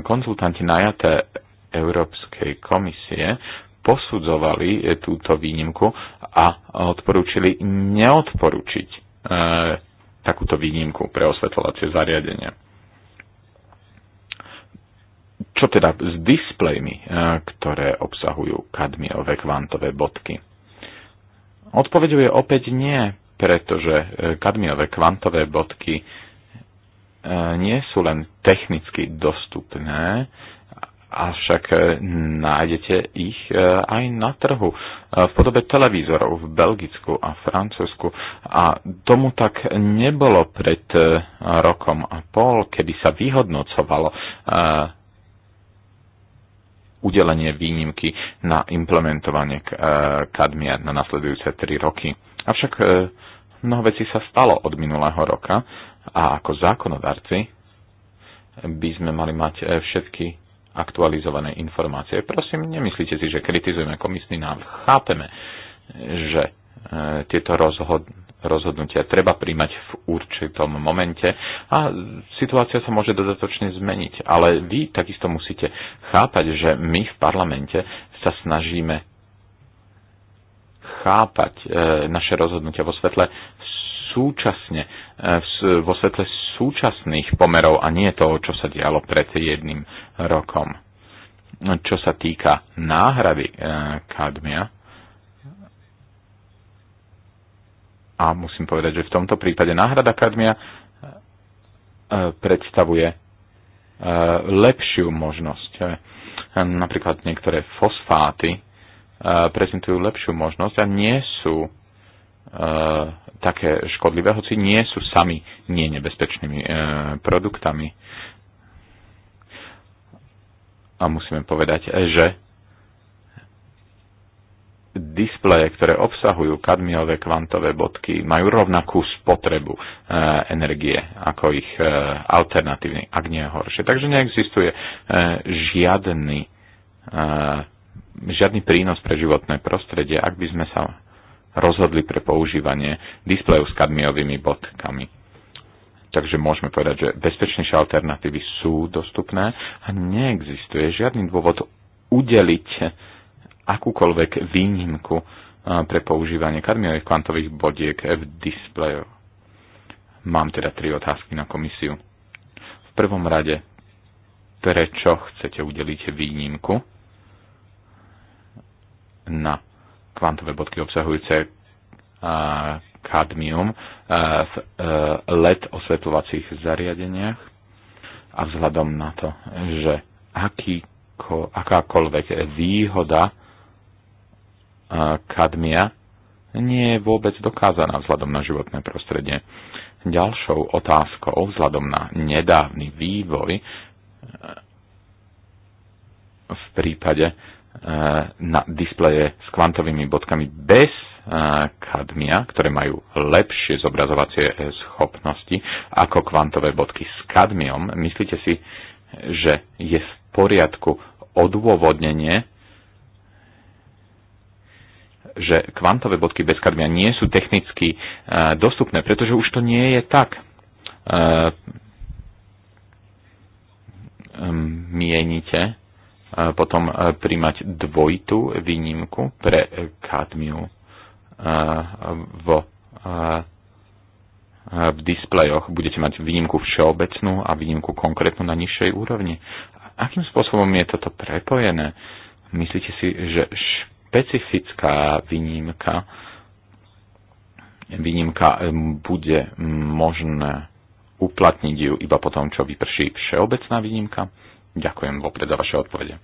S3: konzultanti najaté Európskej komisie posudzovali e, túto výnimku a odporúčili neodporučiť e, takúto výnimku pre osvetľovacie zariadenie. Čo teda s displejmi, e, ktoré obsahujú kadmiové kvantové bodky? Odpovedou je opäť nie, pretože e, kadmiové kvantové bodky e, nie sú len technicky dostupné, avšak e, nájdete ich aj na trhu v podobe televízorov v Belgicku a Francúzsku. A tomu tak nebolo pred rokom a pol, kedy sa vyhodnocovalo udelenie výnimky na implementovanie e, kadmia na nasledujúce 3 roky. Avšak e, mnoho vecí sa stalo od minulého roka a ako zákonodarci by sme mali mať e, všetky aktualizované informácie. Prosím, nemyslíte si, že kritizujeme komisný návrh. Chápeme, že tieto rozhod- rozhodnutia treba príjmať v určitom momente a situácia sa môže dodatočne zmeniť. Ale vy takisto musíte chápať, že my v parlamente sa snažíme chápať e, naše rozhodnutia vo svetle súčasne, e, vo svetle súčasných pomerov a nie toho, čo sa dialo pred jedným rokom. Čo sa týka náhrady e, kadmia, A musím povedať, že v tomto prípade náhrada kadmia e, predstavuje e, lepšiu možnosť. E, napríklad niektoré fosfáty prezentujú lepšiu možnosť a nie sú také škodlivé, hoci nie sú sami nie nebezpečnými produktami. A musíme povedať, že displeje, ktoré obsahujú kadmiové kvantové bodky, majú rovnakú spotrebu e, energie ako ich e, alternatívny, ak nie horšie. Takže neexistuje e, žiadny, e, žiadny prínos pre životné prostredie, ak by sme sa rozhodli pre používanie displejov s kadmiovými bodkami. Takže môžeme povedať, že bezpečnejšie alternatívy sú dostupné a neexistuje žiadny dôvod udeliť akúkoľvek výnimku pre používanie karmiových kvantových bodiek v displeju. Mám teda tri otázky na komisiu. V prvom rade, prečo chcete udeliť výnimku na kvantové bodky obsahujúce kadmium v e, LED osvetľovacích zariadeniach a vzhľadom na to, že aký, akákoľvek výhoda kadmia nie je vôbec dokázaná vzhľadom na životné prostredie. Ďalšou otázkou vzhľadom na nedávny vývoj e, v prípade e, na displeje s kvantovými bodkami bez e, kadmia, ktoré majú lepšie zobrazovacie schopnosti ako kvantové bodky s kadmiom. Myslíte si, že je v poriadku odôvodnenie že kvantové bodky bez kadmia nie sú technicky e, dostupné, pretože už to nie je tak. E, mienite e, potom príjmať dvojitú výnimku pre kadmiu v, v displejoch budete mať výnimku všeobecnú a výnimku konkrétnu na nižšej úrovni. Akým spôsobom je toto prepojené? Myslíte si, že špecifická výnimka, výnimka bude možné uplatniť ju iba potom, čo vyprší všeobecná výnimka. Ďakujem vopred za vaše odpovede.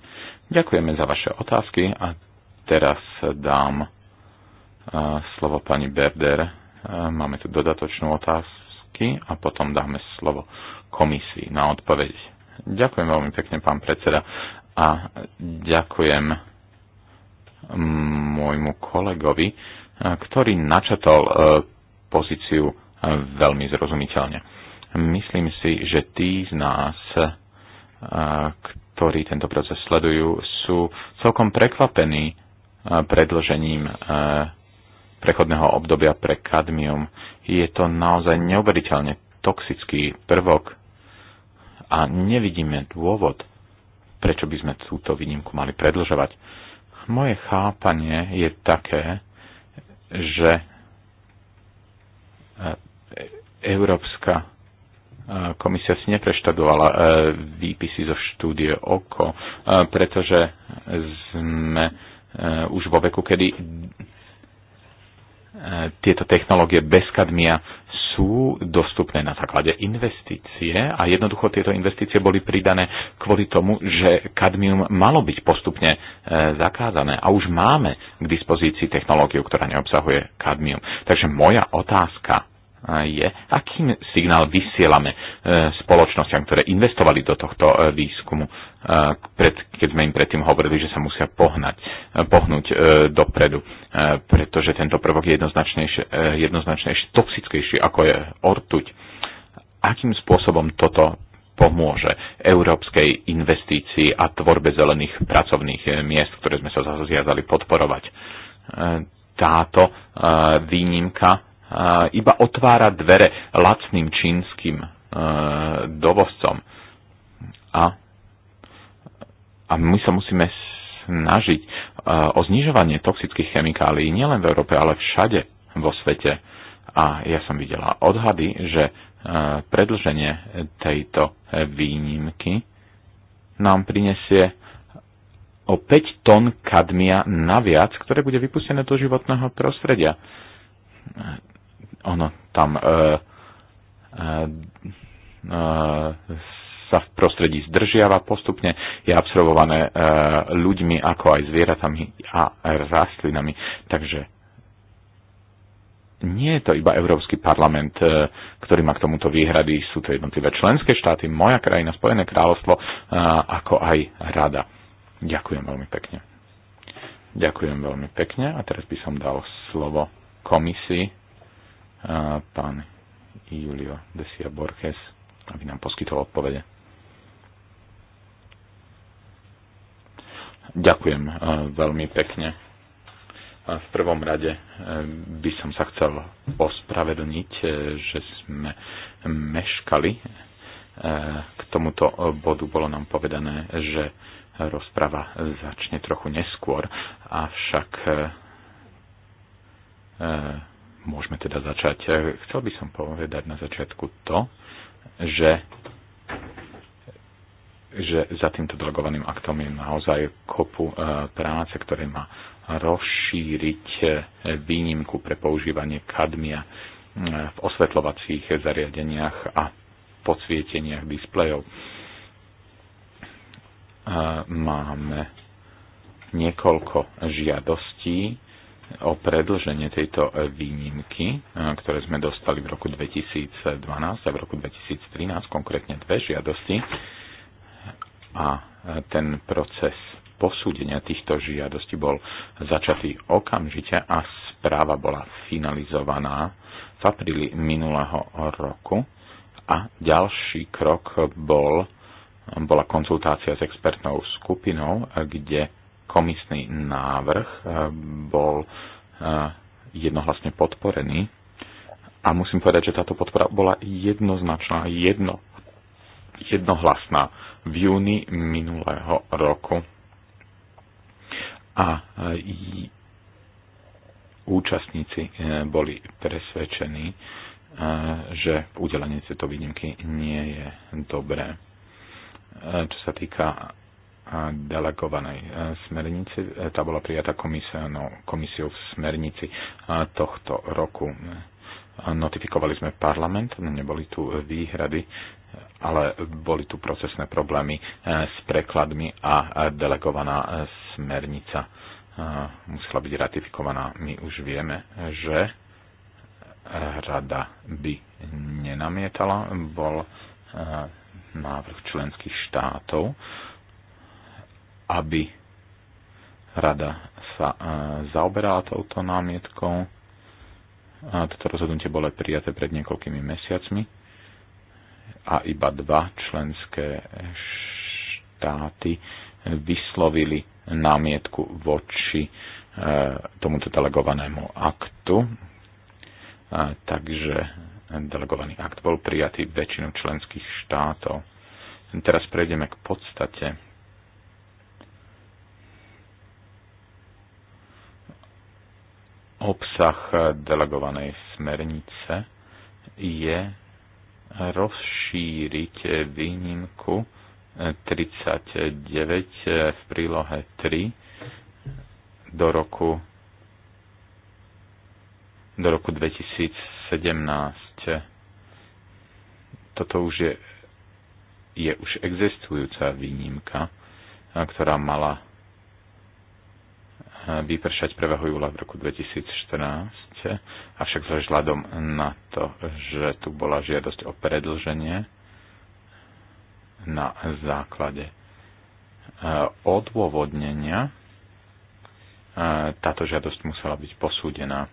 S3: Ďakujeme za vaše otázky a teraz dám eh, slovo pani Berder. Eh, máme tu dodatočnú otázky a potom dáme slovo komisii na odpoveď. Ďakujem veľmi pekne, pán predseda, a ďakujem môjmu kolegovi, ktorý načatol e, pozíciu e, veľmi zrozumiteľne. Myslím si, že tí z nás, e, ktorí tento proces sledujú, sú celkom prekvapení predložením prechodného obdobia pre kadmium. Je to naozaj neuveriteľne toxický prvok a nevidíme dôvod, prečo by sme túto výnimku mali predlžovať moje chápanie je také, že e, Európska e, komisia si nepreštadovala e, výpisy zo štúdie OKO, pretože sme už vo veku, kedy tieto technológie bez kadmia sú dostupné na základe investície a jednoducho tieto investície boli pridané kvôli tomu, že kadmium malo byť postupne e, zakázané a už máme k dispozícii technológiu, ktorá neobsahuje kadmium. Takže moja otázka je, aký signál vysielame e, spoločnosťam, ktoré investovali do tohto e, výskumu, e, keď sme im predtým hovorili, že sa musia pohnať, pohnúť dopredu, pretože tento prvok je jednoznačne jednoznačnejšie toxickejší, ako je ortuť. Akým spôsobom toto pomôže európskej investícii a tvorbe zelených pracovných miest, ktoré sme sa zaviazali podporovať. Táto výnimka iba otvára dvere lacným čínskym e, dovozcom. A, a my sa musíme snažiť e, o znižovanie toxických chemikálií nielen v Európe, ale všade vo svete. A ja som videla odhady, že e, predlženie tejto výnimky nám prinesie o 5 tón kadmia naviac, ktoré bude vypustené do životného prostredia ono tam e, e, e, sa v prostredí zdržiava postupne, je absorbované e, ľuďmi ako aj zvieratami a rastlinami. Takže nie je to iba Európsky parlament, e, ktorý má k tomuto výhrady, sú to jednotlivé členské štáty, moja krajina, Spojené kráľovstvo, e, ako aj rada. Ďakujem veľmi pekne. Ďakujem veľmi pekne a teraz by som dal slovo komisii pán Julio Desia Borges, aby nám poskytol odpovede. Ďakujem e, veľmi pekne. V prvom rade e, by som sa chcel ospravedlniť, e, že sme meškali. K tomuto bodu bolo nám povedané, že rozprava začne trochu neskôr, avšak môžeme teda začať. Eh, chcel by som povedať na začiatku to, že, že za týmto delegovaným aktom je naozaj kopu eh, práce, ktoré má rozšíriť eh, výnimku pre používanie kadmia v osvetľovacích zariadeniach a podsvieteniach displejov. Máme niekoľko žiadostí o predlženie tejto e, výnimky, e, ktoré sme dostali v roku 2012 a v roku 2013, konkrétne dve žiadosti. A e, ten proces posúdenia týchto žiadostí bol začatý okamžite a správa bola finalizovaná v apríli minulého roku a ďalší krok bol, bola konzultácia s expertnou skupinou, kde komisný návrh eh, bol eh, jednohlasne podporený a musím povedať, že táto podpora bola jednoznačná, jedno, jednohlasná v júni minulého roku. A eh, účastníci boli presvedčení, že udelenie tejto výnimky nie je dobré. Čo sa týka delegovanej e, smernici. E, tá bola prijatá komisiou, komisiou v smernici e, tohto roku. Notifikovali sme parlament, no neboli tu výhrady, ale boli tu procesné problémy s prekladmi a delegovaná smernica musela byť ratifikovaná. My už vieme, že rada by nenamietala, bol návrh členských štátov aby rada sa e, zaoberala touto námietkou. Toto rozhodnutie bolo prijaté pred niekoľkými mesiacmi a iba dva členské štáty vyslovili námietku voči e, tomuto delegovanému aktu. E, takže delegovaný akt bol prijatý väčšinou členských štátov. Teraz prejdeme k podstate obsah eh, delegovanej smernice je rozšíriť výnimku 39 eh, eh, v prílohe 3 do roku, do roku 2017. Toto už je, je už existujúca výnimka, ktorá mala vypršať 1. júla v roku 2014, avšak vzhľadom na to, že tu bola žiadosť o predlženie na základe e, odôvodnenia, e, táto žiadosť musela byť posúdená.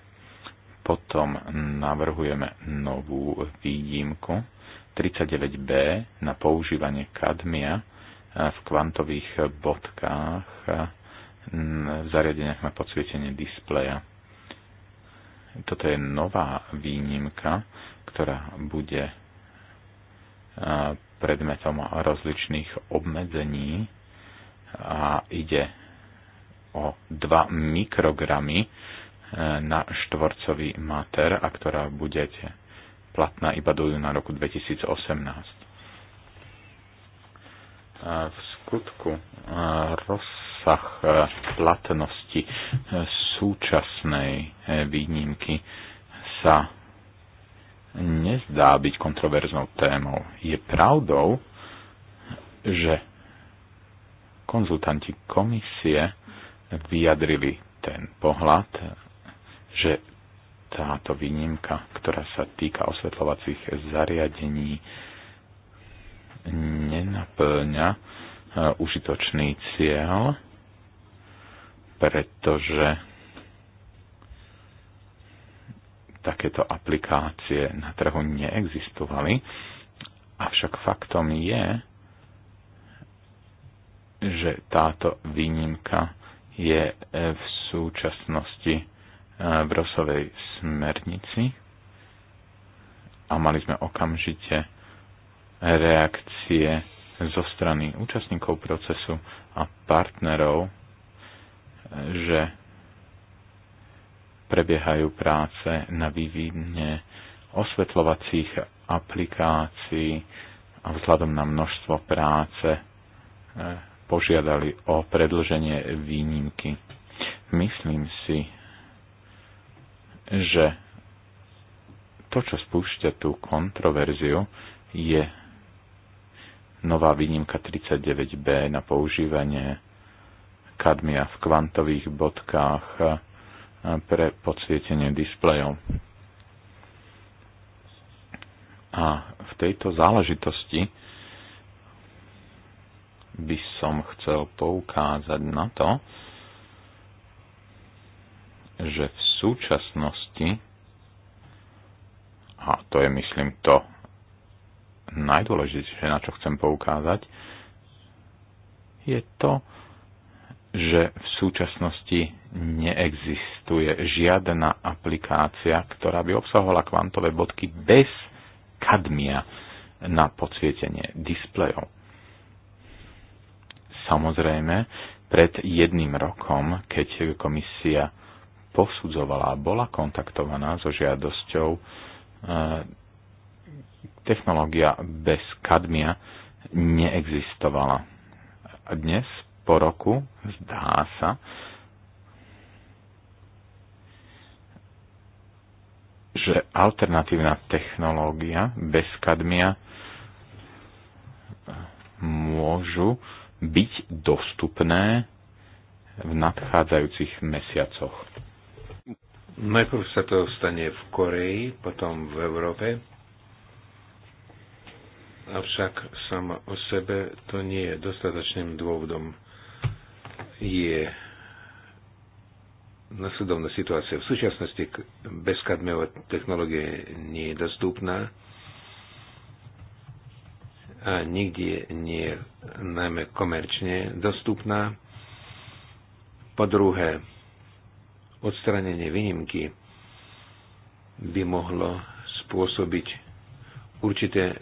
S3: Potom navrhujeme novú výjimku 39b na používanie kadmia e, v kvantových bodkách Mm, v zariadeniach na podsvietenie displeja. Toto je nová výnimka, ktorá bude predmetom rozličných obmedzení a ide o 2 mikrogramy e, na štvorcový mater a ktorá bude platná iba do júna roku 2018. V skutku roz rozsah e, platnosti e, súčasnej e, výnimky sa nezdá byť kontroverznou témou. Je pravdou, že konzultanti komisie vyjadrili ten pohľad, že táto výnimka, ktorá sa týka osvetľovacích zariadení, nenaplňa užitočný cieľ pretože takéto aplikácie na trhu neexistovali. Avšak faktom je, že táto výnimka je v súčasnosti eh, v rosovej smernici a mali sme okamžite reakcie zo strany účastníkov procesu a partnerov že prebiehajú práce na vývine osvetľovacích aplikácií a vzhľadom na množstvo práce e, požiadali o predlženie výnimky. Myslím si, že to, čo spúšťa tú kontroverziu, je nová výnimka 39b na používanie kadmia v kvantových bodkách e, pre podsvietenie displejov. A v tejto záležitosti by som chcel poukázať na to, že v súčasnosti, a to je myslím to najdôležitejšie, na čo chcem poukázať, je to, že v súčasnosti neexistuje žiadna aplikácia, ktorá by obsahovala kvantové bodky bez kadmia na podsvietenie displejov. Samozrejme, pred jedným rokom, keď komisia posudzovala a bola kontaktovaná so žiadosťou e, technológia bez kadmia neexistovala. A dnes po roku, zdá sa, že alternatívna technológia bez kadmia môžu byť dostupné v nadchádzajúcich mesiacoch.
S1: Najprv sa to stane v Koreji, potom v Európe. Avšak sama o sebe to nie je dostatočným dôvodom je nasledovná situácia. V súčasnosti bezkadmiová technológia nie je dostupná a nikde nie je najmä komerčne dostupná. Po druhé, odstranenie výnimky by mohlo spôsobiť určité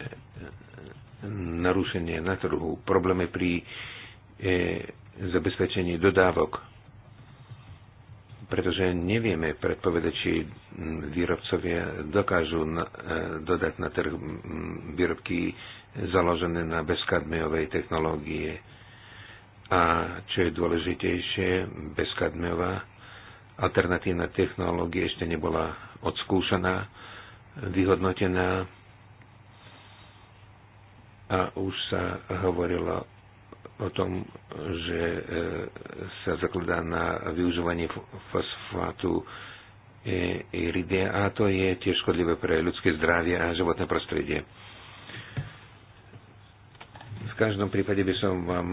S1: narušenie na trhu, problémy pri e, zabezpečení dodávok. Pretože nevieme predpovedať, či výrobcovia dokážu na, e, dodať na trh výrobky založené na bezkadmiovej technológie. A čo je dôležitejšie, bezkadmiová alternatívna technológia ešte nebola odskúšaná, vyhodnotená a už sa hovorilo o tom, že e, sa zakladá na využívanie fosfátu iridia a to je tiež škodlivé pre ľudské zdravie a životné prostredie. V každom prípade by som vám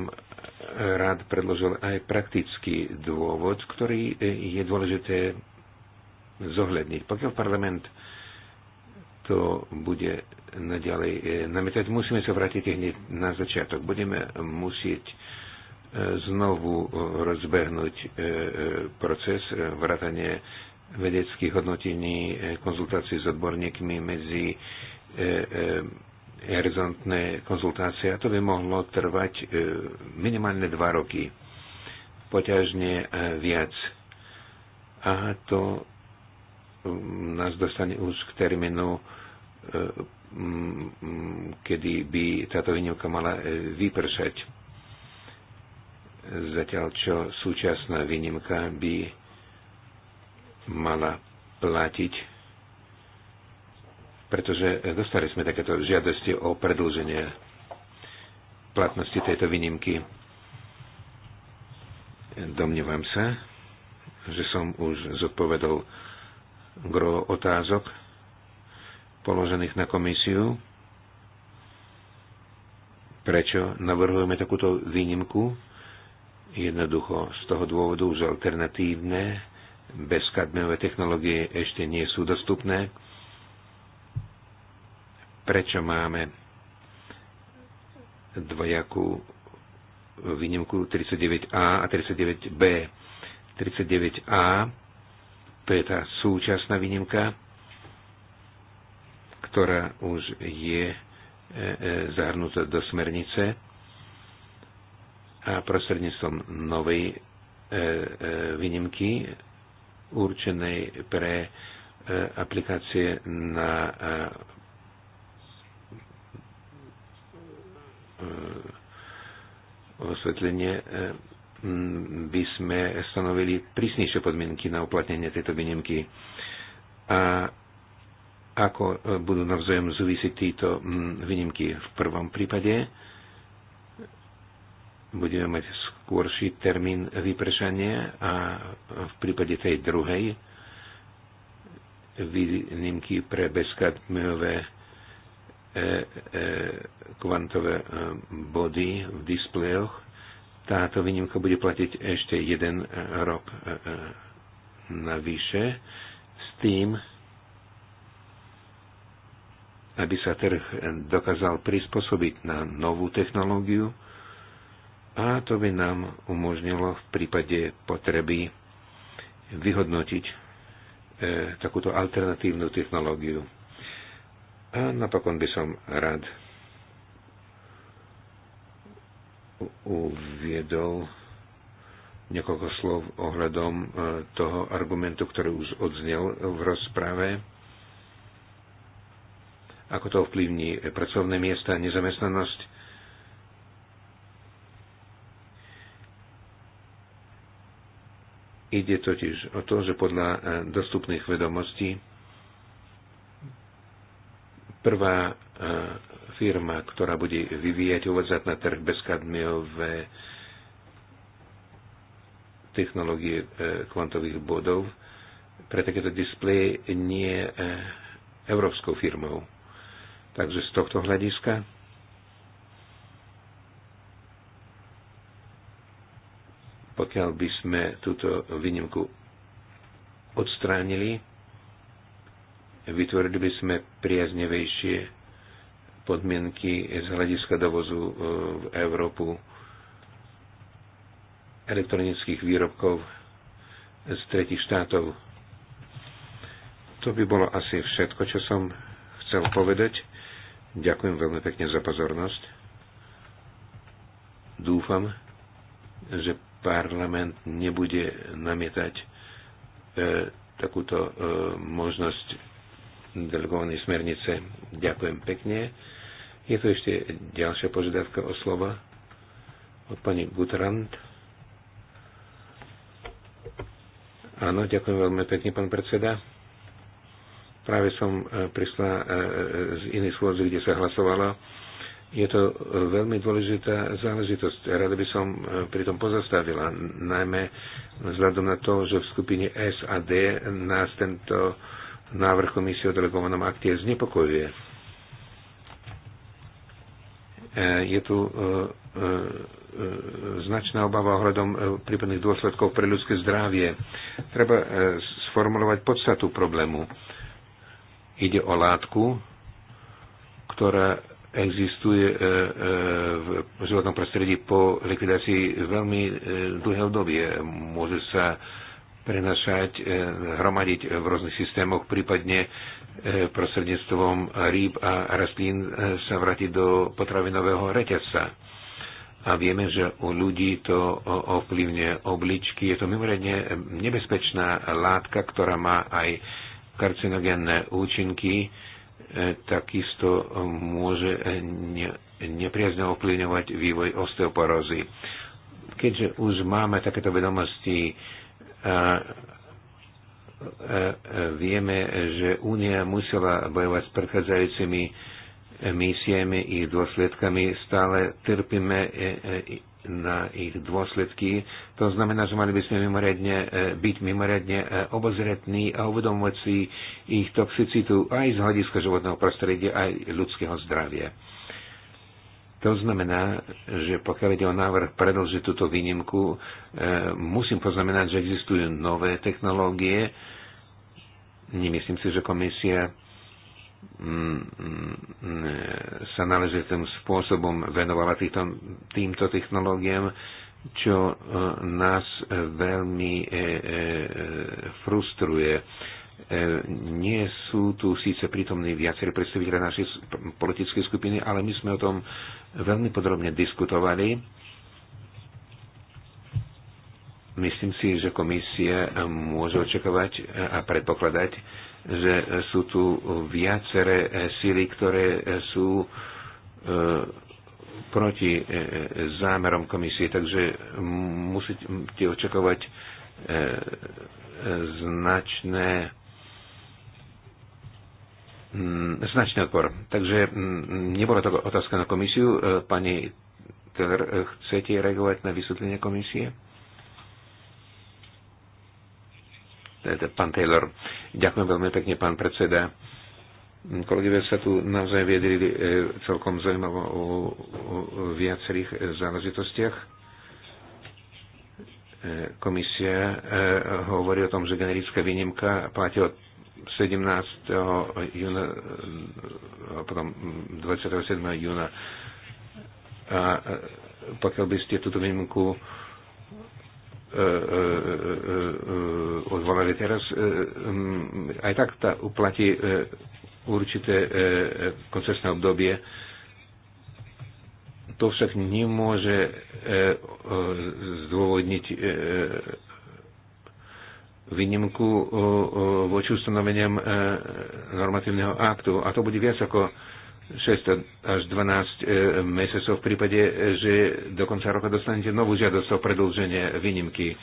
S1: rád predložil aj praktický dôvod, ktorý e, je dôležité zohľadniť. Pokiaľ parlament to bude naďalej e, namietať. Musíme sa vrátiť hneď na začiatok. Budeme musieť e, znovu e, rozbehnúť proces vrátanie vedeckých hodnotení, konzultácií s odborníkmi medzi horizontné konzultácie a to by mohlo trvať minimálne dva roky, poťažne viac. A to Mm, nás dostane už k termínu, e, mm, kedy by táto výnimka mala e, vypršať. Zatiaľ, čo súčasná výnimka by mala platiť, pretože dostali sme takéto žiadosti o predlženie platnosti tejto výnimky. Domnievam sa, že som už zodpovedal gro otázok položených na komisiu. Prečo navrhujeme takúto výnimku? Jednoducho z toho dôvodu, že alternatívne bezkadmiové technológie ešte nie sú dostupné. Prečo máme dvojakú výnimku 39A a 39B? 39A to tá Súčasná výnimka, ktorá už je e,
S2: e,
S1: zahrnutá do smernice a prostredníctvom novej e, výnimky určenej pre aplikácie na osvetlenie Mm, by sme stanovili prísnejšie podmienky na uplatnenie tejto výnimky. A ako e, budú navzájom zúvisiť títo mm, výnimky v prvom prípade, budeme mať skôrší termín vypršania a v prípade tej druhej výnimky pre bezkadmiové e, e, kvantové body v displejoch táto výnimka bude platiť ešte jeden e, rok e, e, navyše s tým, aby sa trh dokázal prispôsobiť na novú technológiu a to by nám umožnilo v prípade potreby vyhodnotiť e, takúto alternatívnu technológiu. A napokon by som rád uviedol niekoľko slov ohľadom e, toho argumentu, ktorý už odznel v rozprave. Ako to ovplyvní pracovné miesta, nezamestnanosť. Ide totiž o to, že podľa e, dostupných vedomostí prvá e, firma, ktorá bude vyvíjať, uvádzať na trh bezkadmiové technológie e, kvantových bodov, pre takéto displeje nie je európskou firmou. Takže z tohto hľadiska pokiaľ by sme túto výnimku odstránili, vytvorili by sme priaznevejšie podmienky z hľadiska dovozu e, v Európu elektronických výrobkov z tretich štátov. To by bolo asi všetko, čo som chcel povedať. Ďakujem veľmi pekne za pozornosť. Dúfam, že parlament nebude namietať e, takúto e, možnosť delegovanej smernice. Ďakujem pekne. Je tu ešte ďalšia požiadavka o slova od pani Gutrand. Áno, ďakujem veľmi pekne, pán predseda. Práve som e, prišla e, e, z iných schôdzi, kde sa hlasovalo. Je to veľmi dôležitá záležitosť. Rada by som pri tom pozastavila, najmä vzhľadom na to, že v skupine S a D nás tento návrh komisie o delegovanom akte znepokojuje Eh, je tu eh, eh, značná obava ohľadom prípadných dôsledkov pre ľudské zdravie. Treba sformulovať podstatu problému. Ide o látku, ktorá existuje v životnom prostredí po likvidácii veľmi dlhé obdobie. Môže sa prenašať, hromadiť v rôznych systémoch, prípadne E, prostredníctvom rýb a rastlín e, sa vráti do potravinového reťazca. A vieme, že u ľudí to ovplyvňuje obličky. Je to mimoriadne nebezpečná látka, ktorá má aj karcinogenné účinky. E, takisto môže nepriazne ovplyvňovať vývoj osteoporózy. Keďže už máme takéto vedomosti, E, e, vieme, že Únia musela bojovať s predchádzajúcimi misiami i dôsledkami. Stále trpíme e, na ich dôsledky. To znamená, že mali by sme mimoriadne, byť mimoriadne obozretní a uvedomovať si ich toxicitu aj z hľadiska životného prostredia, aj ľudského zdravia. To znamená, že pokiaľ ide o návrh predlžiť túto výnimku, e, musím poznamenať, že existujú nové technológie. Nemyslím si, že komisia mm, mm, sa náležitým spôsobom venovala týchto, týmto technológiám, čo e, nás veľmi e, frustruje E, nie sú tu síce prítomní viacerí predstaviteľe našej politickej skupiny, ale my sme o tom veľmi podrobne diskutovali. Myslím si, že komisia môže očakávať a predpokladať, že sú tu viaceré síly, ktoré sú e, proti e, zámerom komisie, takže musíte očakávať značné Mm, značný odpor. Takže mm, nebola to otázka na komisiu. E, pani Teller, e, chcete reagovať na vysvetlenie komisie? E, pán Taylor, ďakujem veľmi pekne, pán predseda. Kolegovia sa tu naozaj viedrili celkom zaujímavo o, o viacerých záležitostiach. Komisia hovorí o tom, že generická výnimka platí od 17. júna, potom 27. júna. A e, pokiaľ by ste túto výnimku e, e, odvolali teraz, aj tak tá uplatí určité koncesné obdobie. To však nemôže zdôvodniť výnimku voči ustanoveniam e, normatívneho aktu. A to bude viac ako 6 až 12 e, mesiacov v prípade, že do konca roka dostanete novú žiadosť o predlženie výnimky.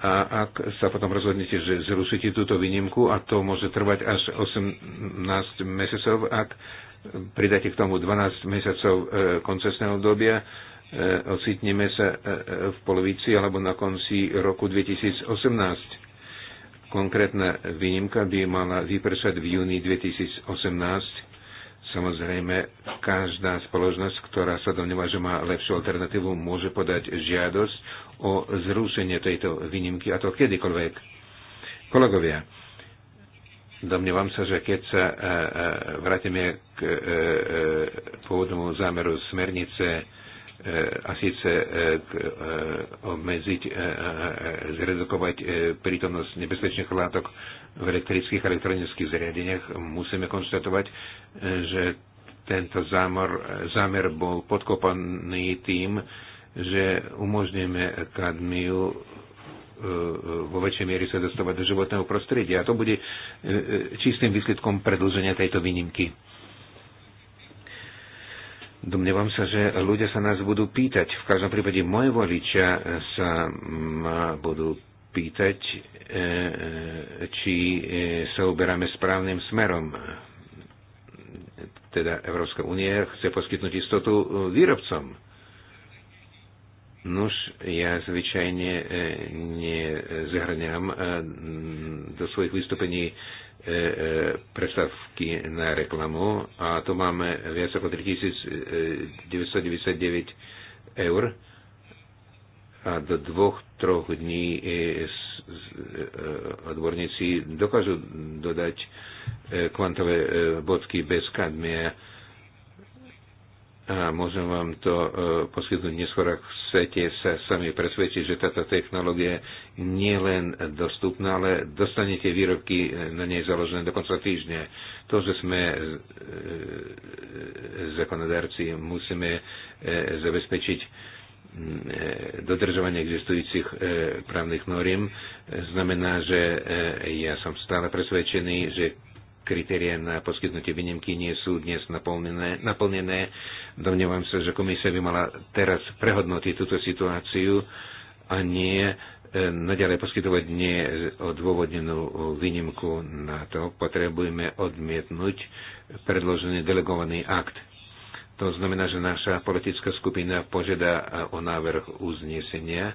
S1: A ak sa potom rozhodnete, že zrušíte túto výnimku, a to môže trvať až 18 mesiacov, ak pridáte k tomu 12 mesiacov e, koncesného obdobia, ocitneme sa v polovici alebo na konci roku 2018 Konkrétna výnimka by mala vypršať v júni 2018. Samozrejme, každá spoločnosť, ktorá sa domnieva, že má lepšiu alternatívu, môže podať žiadosť o zrušenie tejto výnimky, a to kedykoľvek. Kolegovia, Domnievam sa, že keď sa e, e, vrátime k e, pôvodnému zámeru smernice E, a síce e, e, obmedziť, zredukovať prítomnosť nebezpečných látok v elektrických a elektronických zariadeniach, musíme konštatovať, že tento zámer, zámer bol podkopaný tým, že umožníme kadmiu vo väčšej miere sa dostávať do životného prostredia. A to bude čistým výsledkom predlženia tejto výnimky. Domnievam sa, že ľudia sa nás budú pýtať. V každom prípade moje voličia sa ma budú pýtať, e, e, či e, sa uberáme správnym smerom. Teda Európska únie chce poskytnúť istotu výrobcom. Nuž, ja zvyčajne e, nezahrňam e, do svojich vystúpení e, predstavky na reklamu a to máme viac ako 3999 eur a do dvoch, troch dní odborníci dokážu dodať kvantové bodky bez kadmia a môžem vám to e, poskytnúť neskôr, ak chcete sa sami presvedčiť, že táto technológia nie len dostupná, ale dostanete výrobky na nej založené do konca týždňa. To, že sme e, e, zákonodárci, musíme zabezpečiť dodržovanie existujúcich právnych noriem. Znamená, že ja som stále presvedčený, že kritéria na poskytnutie výnimky nie sú dnes naplnené. naplnené. Domnievam sa, že komisia by mala teraz prehodnotiť túto situáciu a nie e, naďalej poskytovať neodôvodnenú výnimku na to. Potrebujeme odmietnúť predložený delegovaný akt. To znamená, že naša politická skupina požiada o návrh uznesenia,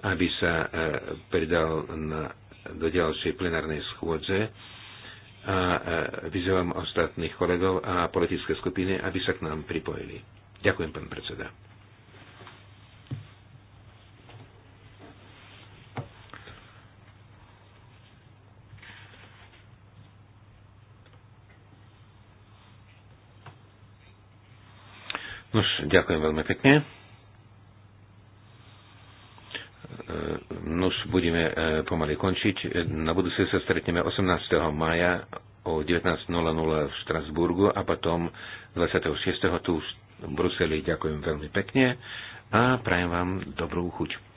S1: aby sa e, pridal na, do ďalšej plenárnej schôdze a vyzývam ostatných kolegov a politické skupiny, aby sa k nám pripojili. Ďakujem, pán predseda. Nož, ďakujem veľmi pekne. Nuž budeme e, pomaly končiť. Na budúce sa stretneme 18. maja o 19.00 v Štrasburgu a potom 26. tu v Bruseli. Ďakujem veľmi pekne a prajem vám dobrú chuť.